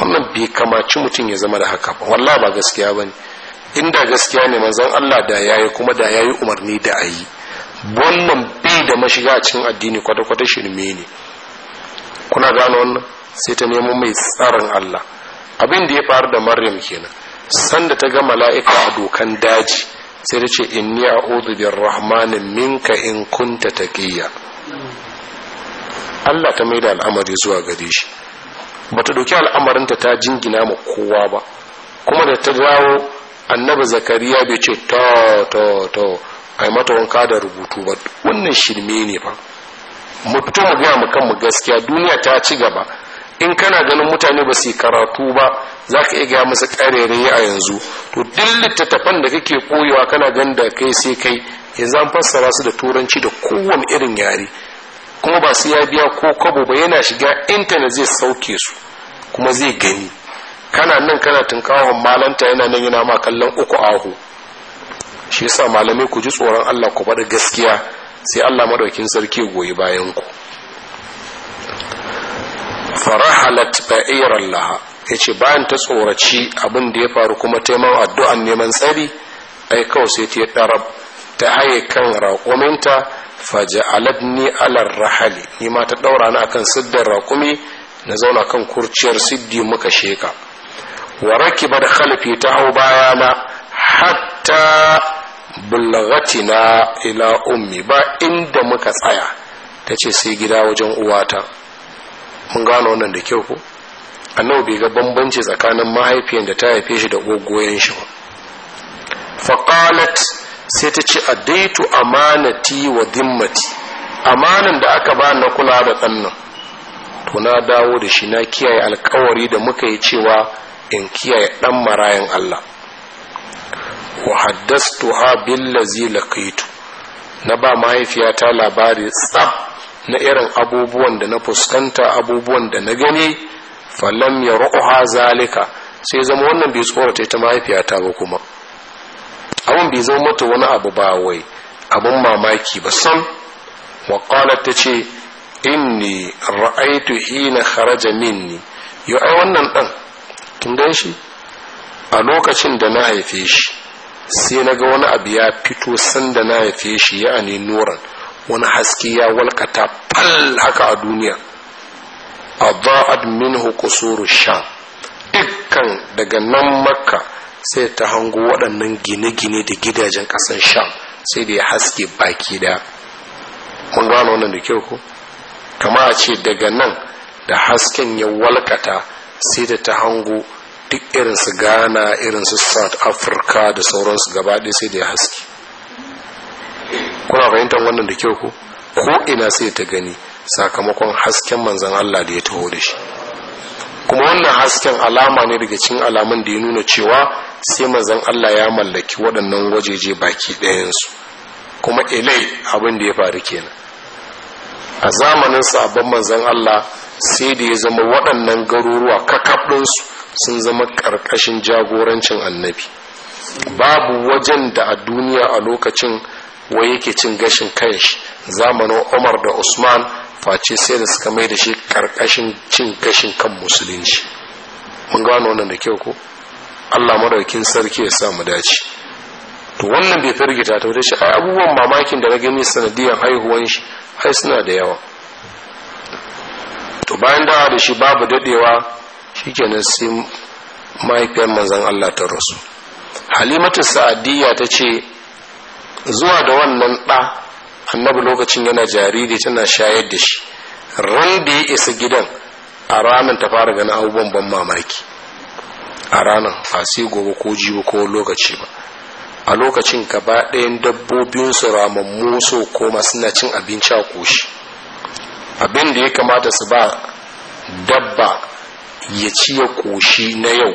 wannan bai kamaci mutum ya zama da haka ba wallah ba gaskiya ba ne inda gaskiya ne manzon Allah da yayi kuma da yayi umarni da ayi wannan bai da mashiga a cikin addini kwata-kwata shirme ne kuna gano wannan sai ta nemo mai tsarin Allah abin da ya faru da Maryam kenan sanda ta ga mala'ika a dokan daji sai ta ce inni a'udhu rahmanin minka in kunta taqiya Allah ta da al'amari zuwa gare shi Ba ta ɗauki al'amarinta ta jingina ma kowa ba kuma da ta dawo annabi zakariya bai ce to to to ai mata wanka da rubutu ba wannan shirme ne ba mu fito mu gaya mu kanmu gaskiya duniya ta ci gaba in kana ganin mutane ba su karatu ba za ka iya gaya masa ƙarere a yanzu to duk littattafan da kake koyewa kana ganin da kai sai kai yanzu an fassara su da turanci da kowane irin yare kuma ba su ya biya ko kwabo ba yana shiga intanet zai sauke su kuma zai gani kana nan kana tunkawon malanta yana nan yana ma kallon uku ahu shi sa malamai ku ji tsoron Allah ku bar gaskiya sai Allah madaukin sarki goyi bayan ku farahalat ba'iran ya yace bayan ta tsoraci abin da ya faru kuma taimawa addu'an neman tsari ai kawai sai ta ɗarab ta haye kan raƙominta. faja'alatni alar rahali ni ma ta daura ni akan siddar raƙumi na zauna kan kurciyar siddi muka sheka wa da khalfi ta hau baya na hatta na ila ummi ba inda muka tsaya tace sai gida wajen uwata mun gano wannan da kyau ko annabi bai ga bambanci tsakanin mahaifiyar da ta haife shi da gogoyen shi ba faqalat sai ta ce daitu amanati wa dimmati amanan da aka ba na kula da ɗannan to na dawo da shi na kiyaye alkawari da muka yi cewa in kiyaye ɗan marayan Allah wa haddastuha billazi laqaitu na ba mahaifiyata labari tsab na irin abubuwan da na fuskanta abubuwan da na gani falam ya zalika sai zama wannan bai tsorata ta mahaifiyata ba kuma abin bai zama mata wani abu ba wai abin mamaki ba sam waƙalar ta ce inni ra'aitu hina kharaja minni yau ai wannan ɗan kin gan shi a lokacin da na haife shi sai na ga wani abu ya fito sanda na haife shi ya ne nuran wani haske ya walkata fal haka a duniya a za'ad minhu kusuru sha dukkan daga nan makka sai ta hango waɗannan gine-gine da gidajen ƙasar sham sai da ya haske baki da Mun gano wannan da kyau ko kama a ce daga nan da hasken ya walkata sai da ta hango duk irinsu ghana irinsu south africa da sauransu gabaɗe sai da ya haske kuna fahimtar wannan da kyau ko ko ina sai ta gani sakamakon hasken manzan allah da ya taho da shi kuma wannan hasken alama ne daga cin alamun da ya nuna cewa sai mazan Allah ya mallaki waɗannan wajeje baki ɗayansu kuma ilai abin da ya faru kenan a zamanin sabon mazan Allah sai da ya zama waɗannan garuruwa kakaɗinsu sun zama ƙarƙashin jagorancin annabi babu wajen da a duniya a lokacin wai yake cin gashin shi, zamanin umar da usman face sai da suka mai da shi ƙarƙashin cin gashin kan musulunci mun gano wannan da kyau ko Allah madaukin sarki ya sa mu dace to wannan bai firgita ta shi ai abubuwan mamakin da na gani sanadiyar haihuwan shi ai suna da yawa to bayan dawa da shi babu dadewa shikenan sai mahaifiyar manzon Allah ta rasu halimatu sa'adiyya ta ce zuwa da wannan ɗa annabi lokacin yana jariri tana shayar da shi ran da ya isa gidan a ranar ta fara ganin abubuwan ban mamaki a ranar ba sai gobe ko jibi ko lokaci ba a lokacin gaba ɗayan dabbobinsu Raman muso koma suna cin abinci a koshi abin da ya kamata su ba dabba ya ci ya koshi na yau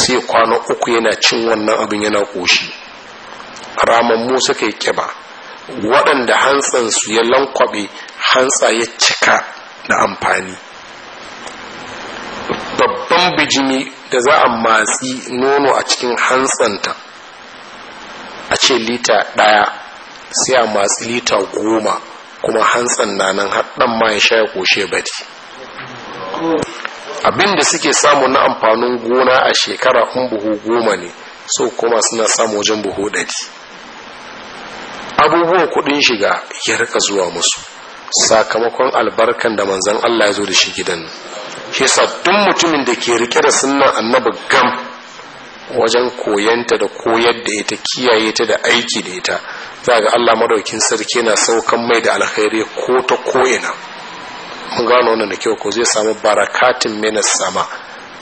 sai kwana uku yana cin wannan abin yana koshi ramammu ka yi kiba waɗanda hantsansu ya lankwabe hantsa ya cika na amfani babban bijimi da za a matsi nono a cikin hantsanta a ce lita ɗaya sai a matsi lita goma kuma hantsan na nan haɗin ma ya sha ya koshe bari Abinda suke samu na amfanin gona a shekara in buhu goma ne so kuma suna samu wajen buhu ɗari abubuwan kuɗin shiga ya rika zuwa musu sakamakon albarkan da manzan allah ya zo da shi gidan shi sa mutumin da ke rike da sunnan annabi gam wajen koyanta da koyar da ita kiyaye ta da aiki da ita za ga Allah madaukin sarki na saukan mai da alkhairi ko ta ko'ina mun gano wannan da kyau ko zai samu barakatin mena sama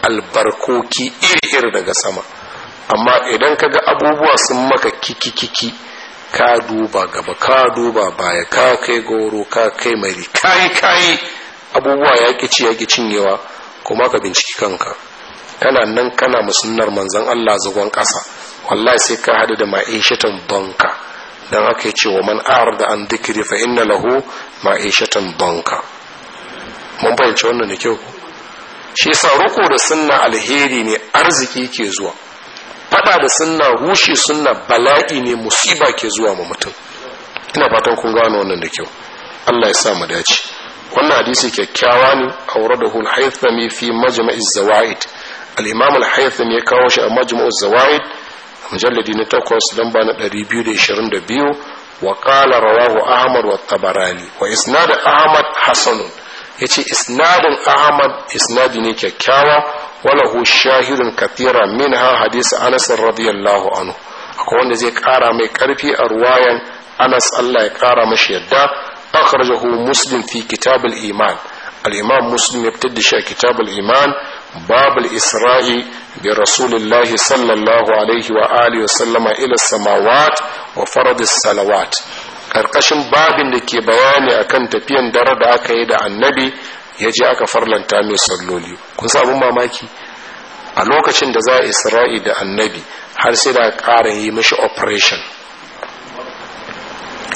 albarkoki iri-iri daga sama amma idan ka ga abubuwa sun maka kiki-kiki ka duba gaba ka duba baya ka kai goro ka kai mai kayi-kayi abubuwa ya ki ci ya ki cinyewa kuma ka binciki kanka kana nan kana musunnar manzon Allah zagon ƙasa wallahi sai ka hadu da ma'ishatan banka dan aka ce wa man arda an dhikri fa inna lahu ma'ishatan banka mun bayyance wannan da kyau ku. shi yasa ruku da sunna alheri ne arziki ke zuwa fada da sunna rushe sunna bala'i ne musiba ke zuwa ma mutum ina fatan kun gano wannan da kyau Allah ya sa mu dace wannan hadisi kyakkyawa ne a wuradahu al fi majma'i zawaid al-imam al ya kawo shi a majma'u zawaid mujalladi na takwas lamba na 222 wa qala rawahu ahmad wa tabarani wa isnad ahmad ya ce isnadin ahmad isnadi ne kyakkyawa walahu shahidun kathira ha hadisi anas radiyallahu anhu akwai wanda zai kara mai karfi a ruwayan anas Allah ya kara mashi yadda akhrajahu muslim fi kitab iman al-imam muslim ya fitar da shi a kitab iman باب الإسراء برسول الله صلى الله عليه وآله وسلم إلى السماوات وفرض الصلوات ƙarƙashin babin da ke bayani akan tafiyan dare da aka yi da annabi ya je aka farlanta mai salloli kun abin mamaki a lokacin da za a isra'i da annabi har sai da ƙarin yi mashi operation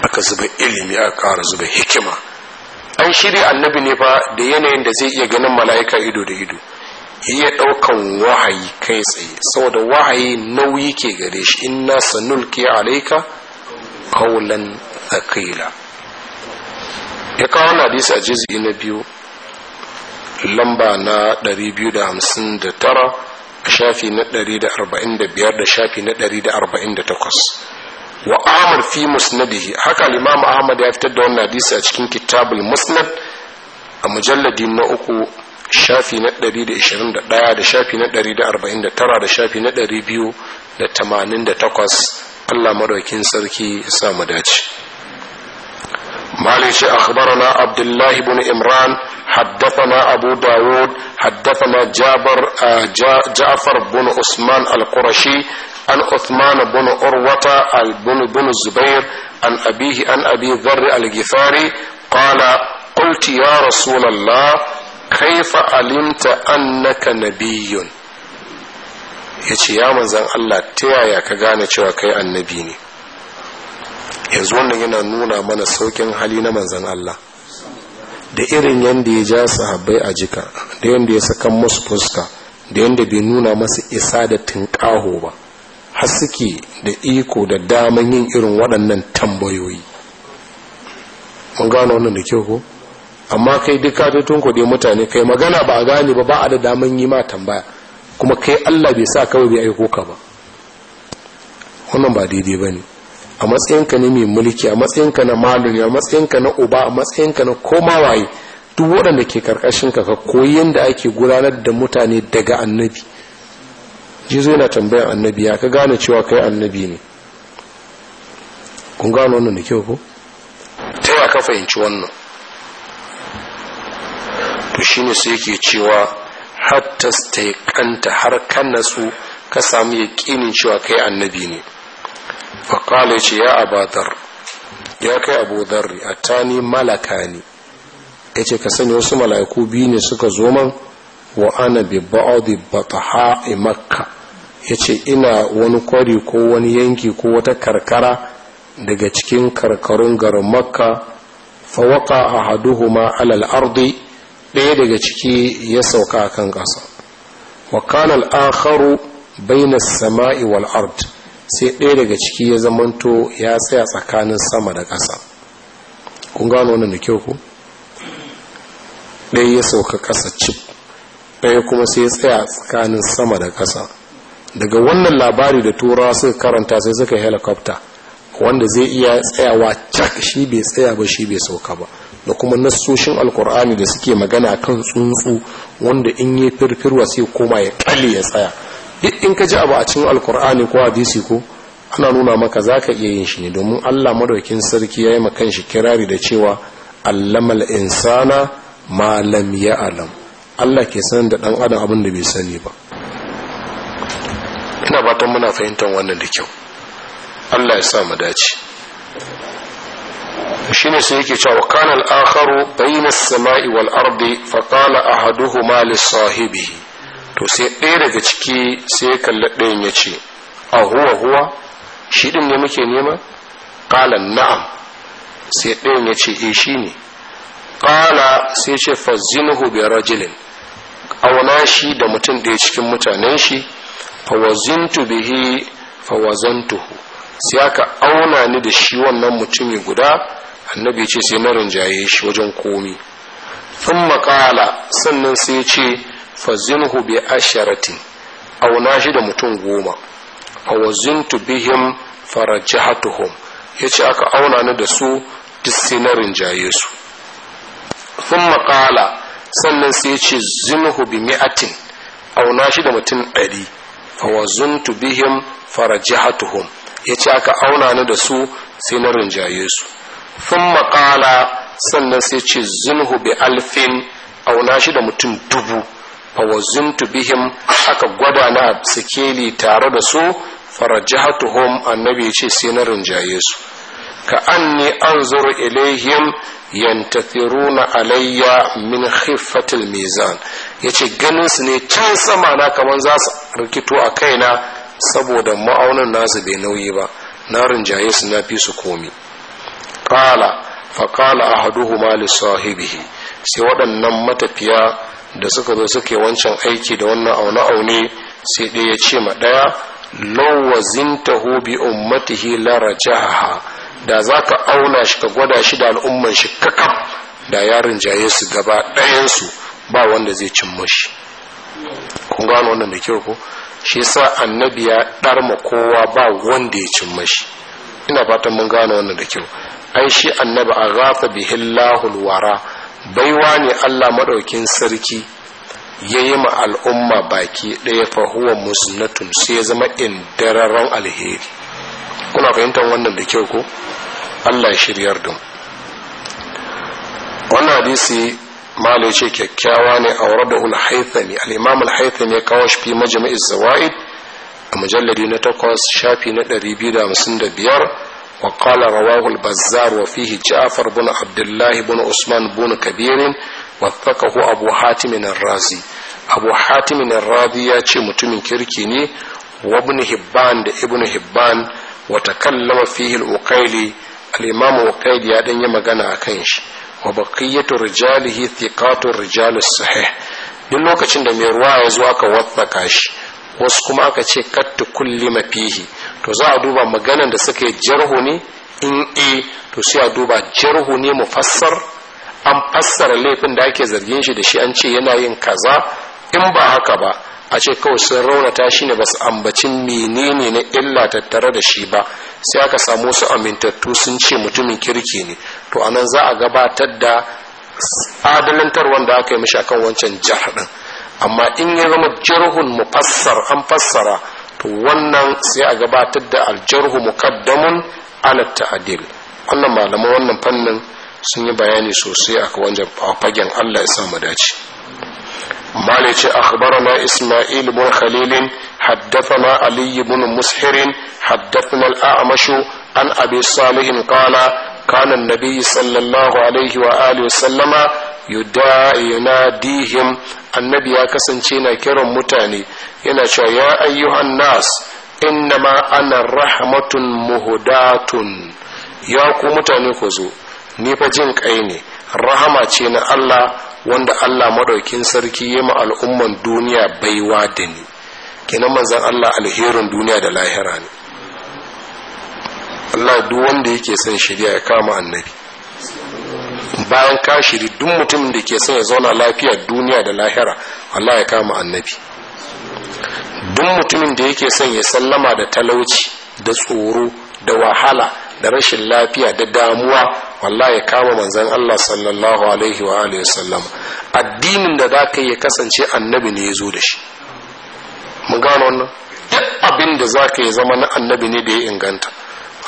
aka zuba ilimi aka ƙara zuba hikima an shirya annabi ne fa da yanayin da zai iya ganin mala'ika ido da ido iya ɗaukan wahayi kai tsaye saboda wahayi nauyi ke gare shi inna ke alaika kawulan tsakila ya kawo na hadisi a juz'i na biyu lamba na 259 a shafi na 145 da shafi na 148 wa amr fi musnadihi haka al ahmad ya fitar da wannan hadisi a cikin kitabul musnad a mujalladi na uku shafi na 121 da shafi na 149 da shafi na 288 Allah madaukin sarki ya sa mu dace مالك أخبرنا عبد الله بن إمران حدثنا أبو داود حدثنا جابر جعفر بن عثمان القرشي an usmana bin Urwata bin Zubair an abihi an abi dharr al-Ghifari qala qultu ya Rasulullah kaifa annaka nabiyyun yace ya manzan Allah ta yaya ka gane cewa kai annabi ne yanzu wannan yana nuna mana saukin hali na manzan Allah da irin yadda ya ja sahabbai a jika da yadda ya saka musu fuska da yadda bai nuna masu isa da tunƙaho ba har da iko da daman yin irin waɗannan tambayoyi mun gano wannan da kyau ko amma kai duk ka tutun kuɗi mutane kai magana ba a gane ba ba a da daman yi ma tambaya kuma kai Allah bai sa kawai bai aiko ka ba wannan ba daidai ba ne a matsayinka ne mai mulki a matsayinka na malami a matsayinka na uba a matsayinka na koma waye duk waɗanda ke karkashin ka ka koyi yadda ake gudanar da mutane daga annabi ya zo na tambayan annabi ya ka gane cewa kai annabi ne kun gano wannan da kyau ko ta ya ka fahimci wannan to shi ne sai yake cewa hatta kanta har kan su ka samu yaƙinin cewa kai annabi ne faƙala ce ya abadar ya kai abu zarri a ni malaka ne ya ce ka sani wasu mala'iku biyu ne suka zo man wa ana bi ta ha'i makka ya ce ina wani kwari ko wani yanki ko wata karkara daga cikin karkarun garin makka fawaka a ma alal ardi ɗaya daga ciki ya sauka a kan ƙasa wakanal akharu baina sama'i wal ard sai ɗaya daga ciki ya zamanto ya tsaya tsakanin sama da ƙasa kun gano wannan da kyau ku ɗaya ya sauka ƙasa cip ɗaya kuma sai ya tsaya tsakanin sama da ƙasa daga wannan labari da turawa suka karanta sai suka helicopter wanda zai iya tsayawa cak shi bai tsaya ba shi bai sauka ba da kuma nassoshin alkur'ani da suke magana kan tsuntsu wanda in yi firfirwa sai koma ya kalli ya tsaya duk in ka ji abu a cikin alkur'ani ko hadisi ko ana nuna maka za ka iya yin shi ne domin allah madaukin sarki ya yi makan shi kirari da cewa allamal insana malam ya alam allah ke sanar da dan adam abin da bai sani ba ina fatan muna fahimtar wannan da kyau Allah ya sa mu dace ne sai yake cewa kana al-akharu bayna as-sama'i wal ardi fa qala ahaduhuma li sahibihi to sai ɗaya daga ciki sai ya kalli ɗayan ya ce a huwa huwa shi din ne muke nema qala na'am sai ɗayan ya ce eh ne. qala sai ce fazinuhu bi rajulin auna shi da mutum ɗaya cikin mutanen shi fawazintu bihi fawazantuhu sai aka auna ni da shi wannan mutumi guda annabi ce sai na rinjaye shi wajen komi sun makala sannan sai ce fazinhu bi asharatin auna shi da mutum goma fawazintu bihim farajahatuhum ya ce aka auna ni da su duk sai na rinjaye su sun makala sannan sai ce zinhu bi mi'atin auna shi da mutum ɗari fawazuntu bihim farajihatuhum ya ce aka auna ni da su sai na rinjaye su sun maƙala sannan sai ce zunhu bi alfin auna shi da mutum dubu fawazuntu bihim aka gwada na sikeli tare da su farajihatuhum annabi ya ce sai na rinjaye su ka anni anzur ilaihim yantathiruna alayya min khiffatil mizan ya ce su ne can sama na kamar za su rikito a kaina saboda ma'aunin nasu bai nauyi ba na rinjaye su na fi su komi kala faƙala a haduhu mali sahibihi sai waɗannan matafiya da suka zo suke wancan aiki da wannan aune-aune sai ɗaya ya ce ma ɗaya lawazinta hobi ummatihi larajaha da za ka auna shi ka gwada shi da al'umman shi kakam da yarin jaye su gaba ɗayansu ba wanda zai cin mashi kun gano wannan da kyau ko shi yasa annabi ya ɗarma kowa ba wanda ya cin mashi ina fatan mun gano wannan da kyau ai shi annabi a rafa Allahul wara baiwa ne allah madaukin sarki yayi yi ma al'umma baki ɗaya huwa musnatun sai ya zama indararan alheri kuna fahimtar wannan da kyau ko allah ya shiryar da wannan hadisi mala ya ce kyakkyawa ne a wadda ulhaithani al'imam ulhaithani ya kawo shi fi majami'ar zawa'id a mujalladi na takwas shafi na ɗari biyu da hamsin da biyar wa kala rawahul bazzar wa fihi ja'far bin abdullahi bin usman bin kabirin wa thakahu abu hatimin razi abu hatimin razi ya ce mutumin kirki ne wa ibn hibban da ibn hibban wa takallama fihi al-uqayli al-imam uqayli ya dan magana magana akan shi wa baqiyatu rijalihi thiqatu rijal sahih duk lokacin da mai ruwa ya zo aka wabbaka shi wasu kuma aka ce kattu kulli mafihi to za a duba maganan da suka yi jarhu ne in e to sai a duba jarhu ne mufassar an fassara laifin da ake zargin shi da shi an ce yana yin kaza in ba haka ba a ce kawai sun raunata shi ne ba su ambacin menene na illa tattare da shi ba sai aka samu su amintattu sun ce mutumin kirki ne to anan za a gabatar da adalantar wanda aka yi mishi akan wancan ɗin amma in ya zama jarhun mufassar an fassara to wannan sai a gabatar da aljarhu muqaddamun ala ta'dil wannan malaman wannan fannin sun yi bayani sosai a wajen fagen Allah ya sa mu dace مالك أخبرنا إسماعيل بن خليل حدثنا علي بن مسحر حدثنا الأعمش عن أبي صالح قال kana annabi sallallahu alaihi wa alihi sallama yunadihim annabi ya kasance na kiran mutane yana cewa ya ayyuhan nas innama ana rahmatun muhdatun ya ku mutane ku zo ni fa jin kai ne rahama ce na Allah wanda Allah madaukin sarki ya ma al'umman duniya baiwa da ni kenan manzon Allah alherin duniya da lahira ne Allah duk wanda yake son shirya ya kama annabi bayan ka shiri duk mutum da ke son ya zauna lafiya duniya da lahira Allah ya kama annabi duk mutumin da yake son ya sallama da talauci da tsoro da wahala da rashin lafiya da damuwa wallahi kama manzan Allah sallallahu alaihi wa alihi wasallam addinin da zaka yi kasance annabi ne ya zo da shi mun gano wannan duk abin da zaka yi zama na annabi ne da ya inganta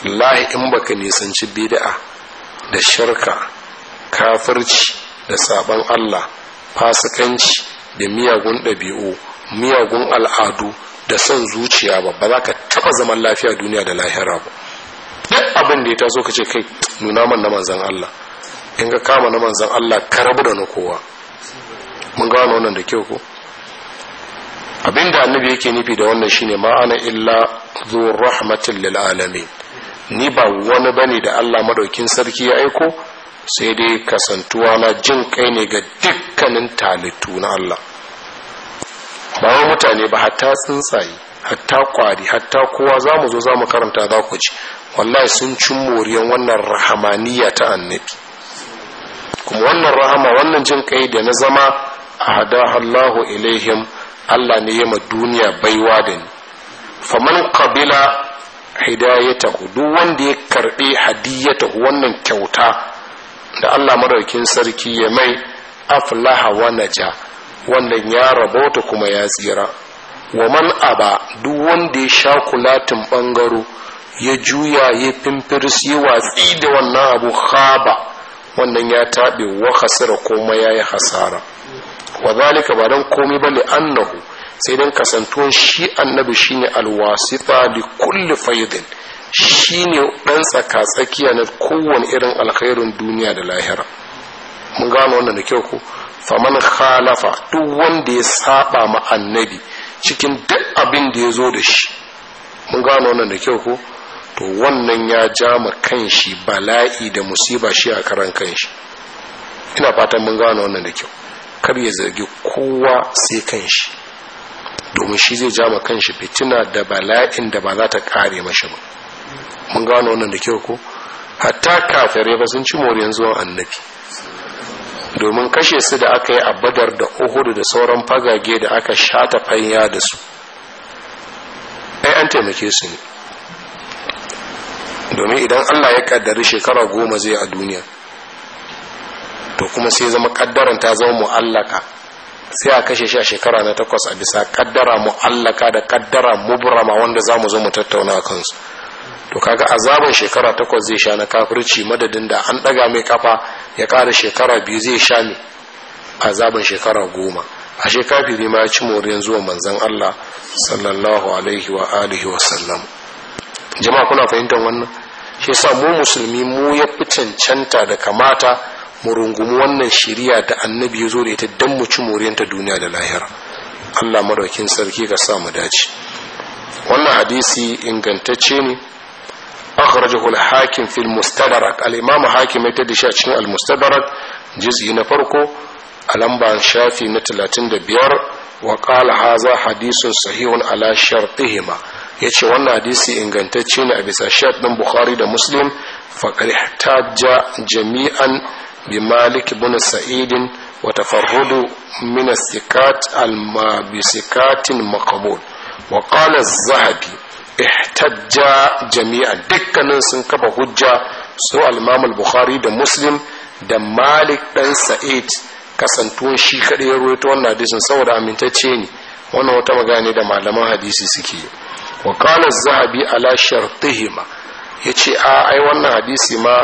wallahi in baka nisanci bid'a da shirka kafirci da saban Allah fasikanci da miyagun ɗabi'u miyagun al'adu da son zuciya ba ba za ka taɓa zaman lafiya duniya da lahira ba duk abin da ya taso ka ce kai nuna man na manzan Allah in ka kama na manzan Allah ka rabu da na kowa mun ga wannan da kyau ko abin da annabi yake nufi da wannan shine ma'ana illa zuwar rahmatin lil alamin ni ba wani bane da Allah madaukin sarki ya aiko sai dai kasantuwa na jin kai ne ga dukkanin talittu na Allah ba wa mutane ba hatta tsuntsaye hatta kwari hatta kowa za mu zo za mu karanta za ku ci wallahi sun cin moriyan wannan rahamaniya ta annabi kuma wannan rahama wannan jin kai da na zama a hada Allahu ilaihim Allah ne ya ma duniya baiwa da ni faman qabila hidayatahu duk wanda ya karbi hadiyatahu wannan kyauta da Allah madaukin sarki ya mai aflaha wa naja wannan ya rabota kuma ya tsira wa man aba duk wanda ya sha kulatin bangaro ya juya ya fimfiris ya watsi da wannan abu khaba wannan ya taɓe wa hasara kuma yayi hasara wa zalika ba don komai ba annahu sai dan kasantuwan shi annabi shine alwasifa li kulli faidin shine dan tsaka tsakiya na kowane irin alkhairin duniya da lahira mun gano wannan da kyau ko faman khalafa duk wanda ya saba ma annabi cikin duk abin da ya zo da shi mun gano wannan da kyau ko to wannan ya ja ma kanshi bala'i da musiba shi a karan kanshi ina fatan mun gano wannan da kyau kar ya zargi kowa sai kanshi domin shi zai ja ma kanshi fitina da bala'in da ba za ta kare mashi ba mun gano wannan da kyau ko hatta kafirai ba sun ci moriyan zuwa annabi domin kashe su da aka yi a badar da uhuru da sauran fagage da aka shata fanya da su ai an taimake su ne domin idan allah ya kaddari shekara goma zai a duniya to kuma sai zama kaddaran ta zama mu'allaka sai a kashe shi a shekara na takwas a bisa kaddara mu'allaka da kaddara mubrama wanda za mu zo mu tattauna kansu to kaga azaban shekara takwas zai sha na kafirci madadin da an ɗaga mai kafa ya ƙara shekara biyu zai sha ne azaban shekara goma a shekafiri ma ya ci moriyar zuwa manzan Allah sallallahu alaihi wa alihi wa sallam jama'a kuna fahimtar wannan shi sa mu musulmi mu ya fi cancanta da kamata mu rungumi wannan shiriya da annabi ya zo da ita don mu ci moriyanta duniya da lahira allah madaukin sarki ka sa mu dace wannan hadisi ingantacce ne akhrajahu al-hakim fi mustadrak al hakim ya tada shi a cikin al-mustadrak na farko a lamban shafi na talatin da biyar 35 haza هذا حديث صحيح على ya ce wannan hadisi ingantacce ne a bisa shart din bukhari da muslim faqad ihtajja jami'an bimalik malik ibn sa'id wa tafarrudu min as-sikat al-mabisikatin maqbul wa qala zahabi ihtajja jami'an dukkanin sun kafa hujja su al bukhari da muslim da malik dan sa'id kasantuwan shi kadai ya ruwaito wannan hadisin saboda amintace ni wannan wata magana ne da malaman hadisi suke wa qala zahabi ala shartihima ya ce a ai wannan hadisi ma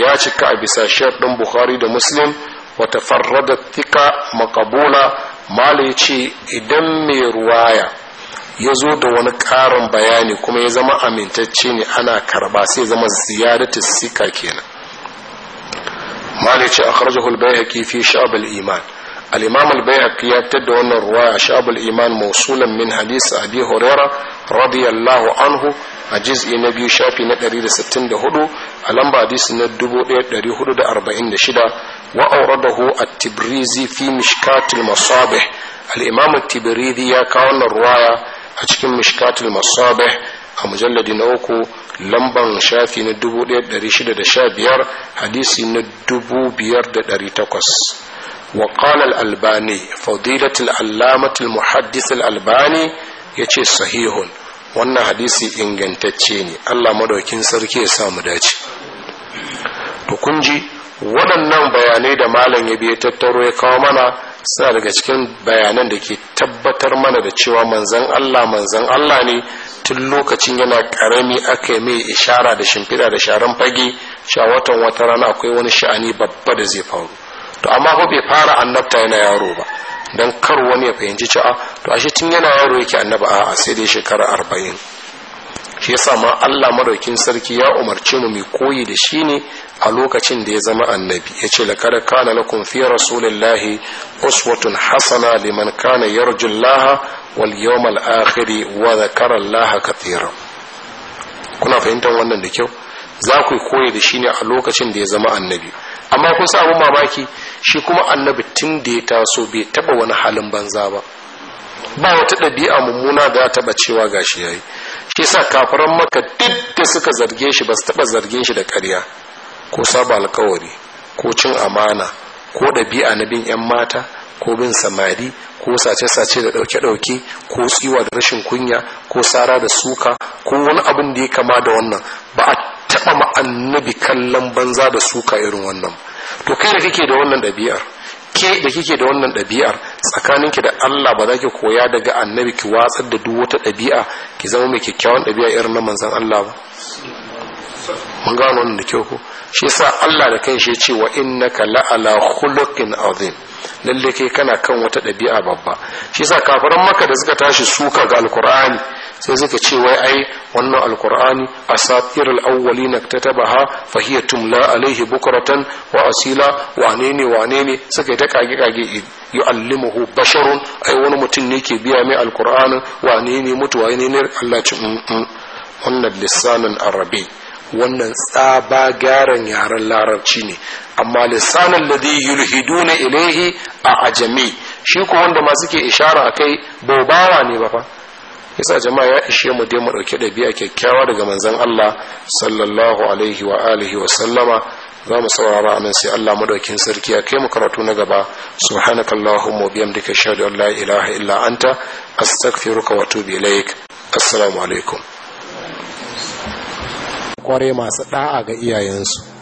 ya cika a bisa shaɗin buhari da muslim wata farrada tika makabula mala ya ce idan mai ruwaya ya zo da wani ƙarin bayani kuma ya zama amintacce ne ana karba sai zama ziyarata sika kenan mala ya ce a hulbai bayhaqi fi shabul iman الإمام البيهقي ya أن الرواية شعب الإيمان موصولا من حديث أبي هريرة رضي الله anhu. a jiz'i na biyu shafi na 164 a lamba hadisi na 1446 wa auradahu at-tibrizi fi mishkatil masabih al-imam at-tibrizi ya kawo wannan ruwaya a cikin mishkatil masabih a mujalladi na uku lamban shafi na 1615 hadisi na 5800 وقال الألباني فضيلة muhaddis المحدث الألباني يتي sahihun. wannan hadisi ingantacce ne Allah madaukin sarki ya sa mu dace to kun waɗannan bayanai da malam ya biye tattaro ya kawo mana suna daga cikin bayanan da ke tabbatar mana da cewa manzan Allah manzan Allah ne tun lokacin yana karami aka yi mai ishara da shimfiɗa da sharan fage sha watan wata rana akwai wani sha'ani babba da zai faru to amma ko bai fara annabta yana yaro ba don kar wani ya fahimci cewa to ashe tun yana yaro yake annaba a sai dai shekara arba'in shi yasa ma Allah madaukin sarki ya umarce mu mai koyi da shi ne a lokacin da ya zama annabi ya ce laqad kana lakum fi rasulillahi uswatun hasana liman kana yarjun laha wal yawmal akhir wa zakara Allah kathiran kuna fahimtar wannan da kyau za ku koyi da shi ne a lokacin da ya zama annabi amma kun samu mamaki shi kuma annabi tun da ya taso bai taba wani halin banza ba ba wata ɗabi'a mummuna da ya taba cewa shi yayi shi sa kafiran maka duk da suka zarge shi ba su taba zargin shi da ƙarya ko saba alkawari ko cin amana ko ɗabi'a na bin 'yan mata ko bin samari ko sace-sace da ɗauke-ɗauke ko tsiwa da rashin kunya ko sara da suka ko wani abin da ya kama da wannan ba a taɓa ma annabi kallon banza da suka irin wannan to kai da kake da wannan ɗabi'ar ke da kike da wannan ɗabi'ar tsakaninki da Allah ba za ki koya daga annabi ki watsar da duk wata ɗabi'a ki zama mai kyakkyawan ɗabi'a irin na manzon Allah ba mun gano wannan da kyau ko shi yasa Allah da kanshi ya ce wa innaka la'ala khuluqin azim lalle kai kana kan wata ɗabi'a babba shi yasa kafiran maka da suka tashi suka ga alkur'ani sai suka ce wai ai wannan alkur'ani safiyar alawwalin na fa hiya tumla alaihi bukratan wa asila wane ne wane ne suka ta kage kage yu'allimuhu basharun ai wani mutum ne ke biya mai alkur'ani wane ne mutu wane ne Allah ci mm, mm. wannan lisanin arabi wannan tsaba gyaran yaren larabci ne amma lissanin ladhi yulhiduna ilaihi a ajami shi ko wanda ma suke ishara akai bobawa ne ba fa yasa jama'a ya ishe mu dai mu dauki dabi'a kyakkyawa daga manzon Allah sallallahu alaihi wa alihi wa sallama za mu saurara anan sai Allah madaukin sarki ya kai mu karatu na gaba subhanakallahu wa bihamdika ashhadu an la ilaha illa anta astaghfiruka wa atubu ilaik assalamu alaikum kware masu da'a ga iyayensu